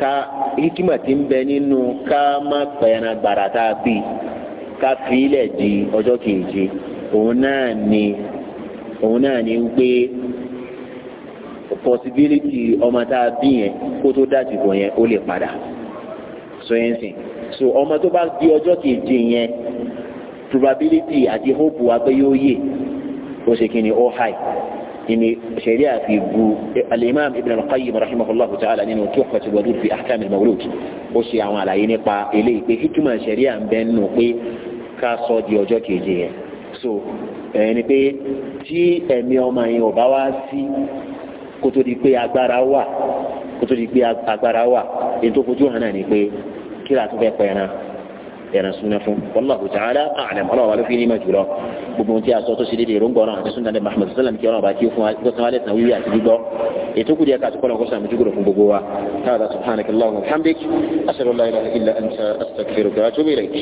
ká hikima ti ń bẹ nínú ká má pẹ̀ran gbàrà tá a bí ká fi ilẹ̀ di ọjọ́ kejì òun náà ni òun náà ni wípé possibility ọmọ tá a bí yẹn kó tó dásìkò yẹn ó lè padà sọyìn sìn so ọmọ tó bá di ọjọ́ keje yẹn probability àti hope wa pé yóò yè ó ṣe kí ni ó high ni sharia fi bu al-imam ibn al-qayyim rahimahullahu ta'ala nínú tuhfatul wadud fi ahkam al-mawlud ó ṣe àwọn àlàyé nípa eléyìí pé hikima sharia ń bẹ nù pé ká sọ di ọjọ́ keje yẹn so ẹni pé tí ẹ̀mí ọmọ yẹn ò bá wá sí kó tó di pé agbára wà kó di pé agbára wà èyí fojú hàn náà ni pé tíra tó fẹ́ pẹ́ ẹran ẹran súnná fún wallahu ta'ala a'lam ọlọ́wọ́ ló fi ní mọ̀jú lọ gbogbo ohun tí a sọ tó ṣe déédéé rògbò náà àti sunday Muhammad sallam kí ọlọ́wọ́ bá kí fún gbọ́sán alẹ́ tàn wíwí àti gbígbọ́ ètò kùdí ẹ̀ka àtúkọ́ lọ́kọ́ sàmójú gbọ́dọ̀ fún gbogbo wa káàdà subhanakallahumma wa hamdik asalaamualeykum illa anta astaghfiruka wa atubu ilayk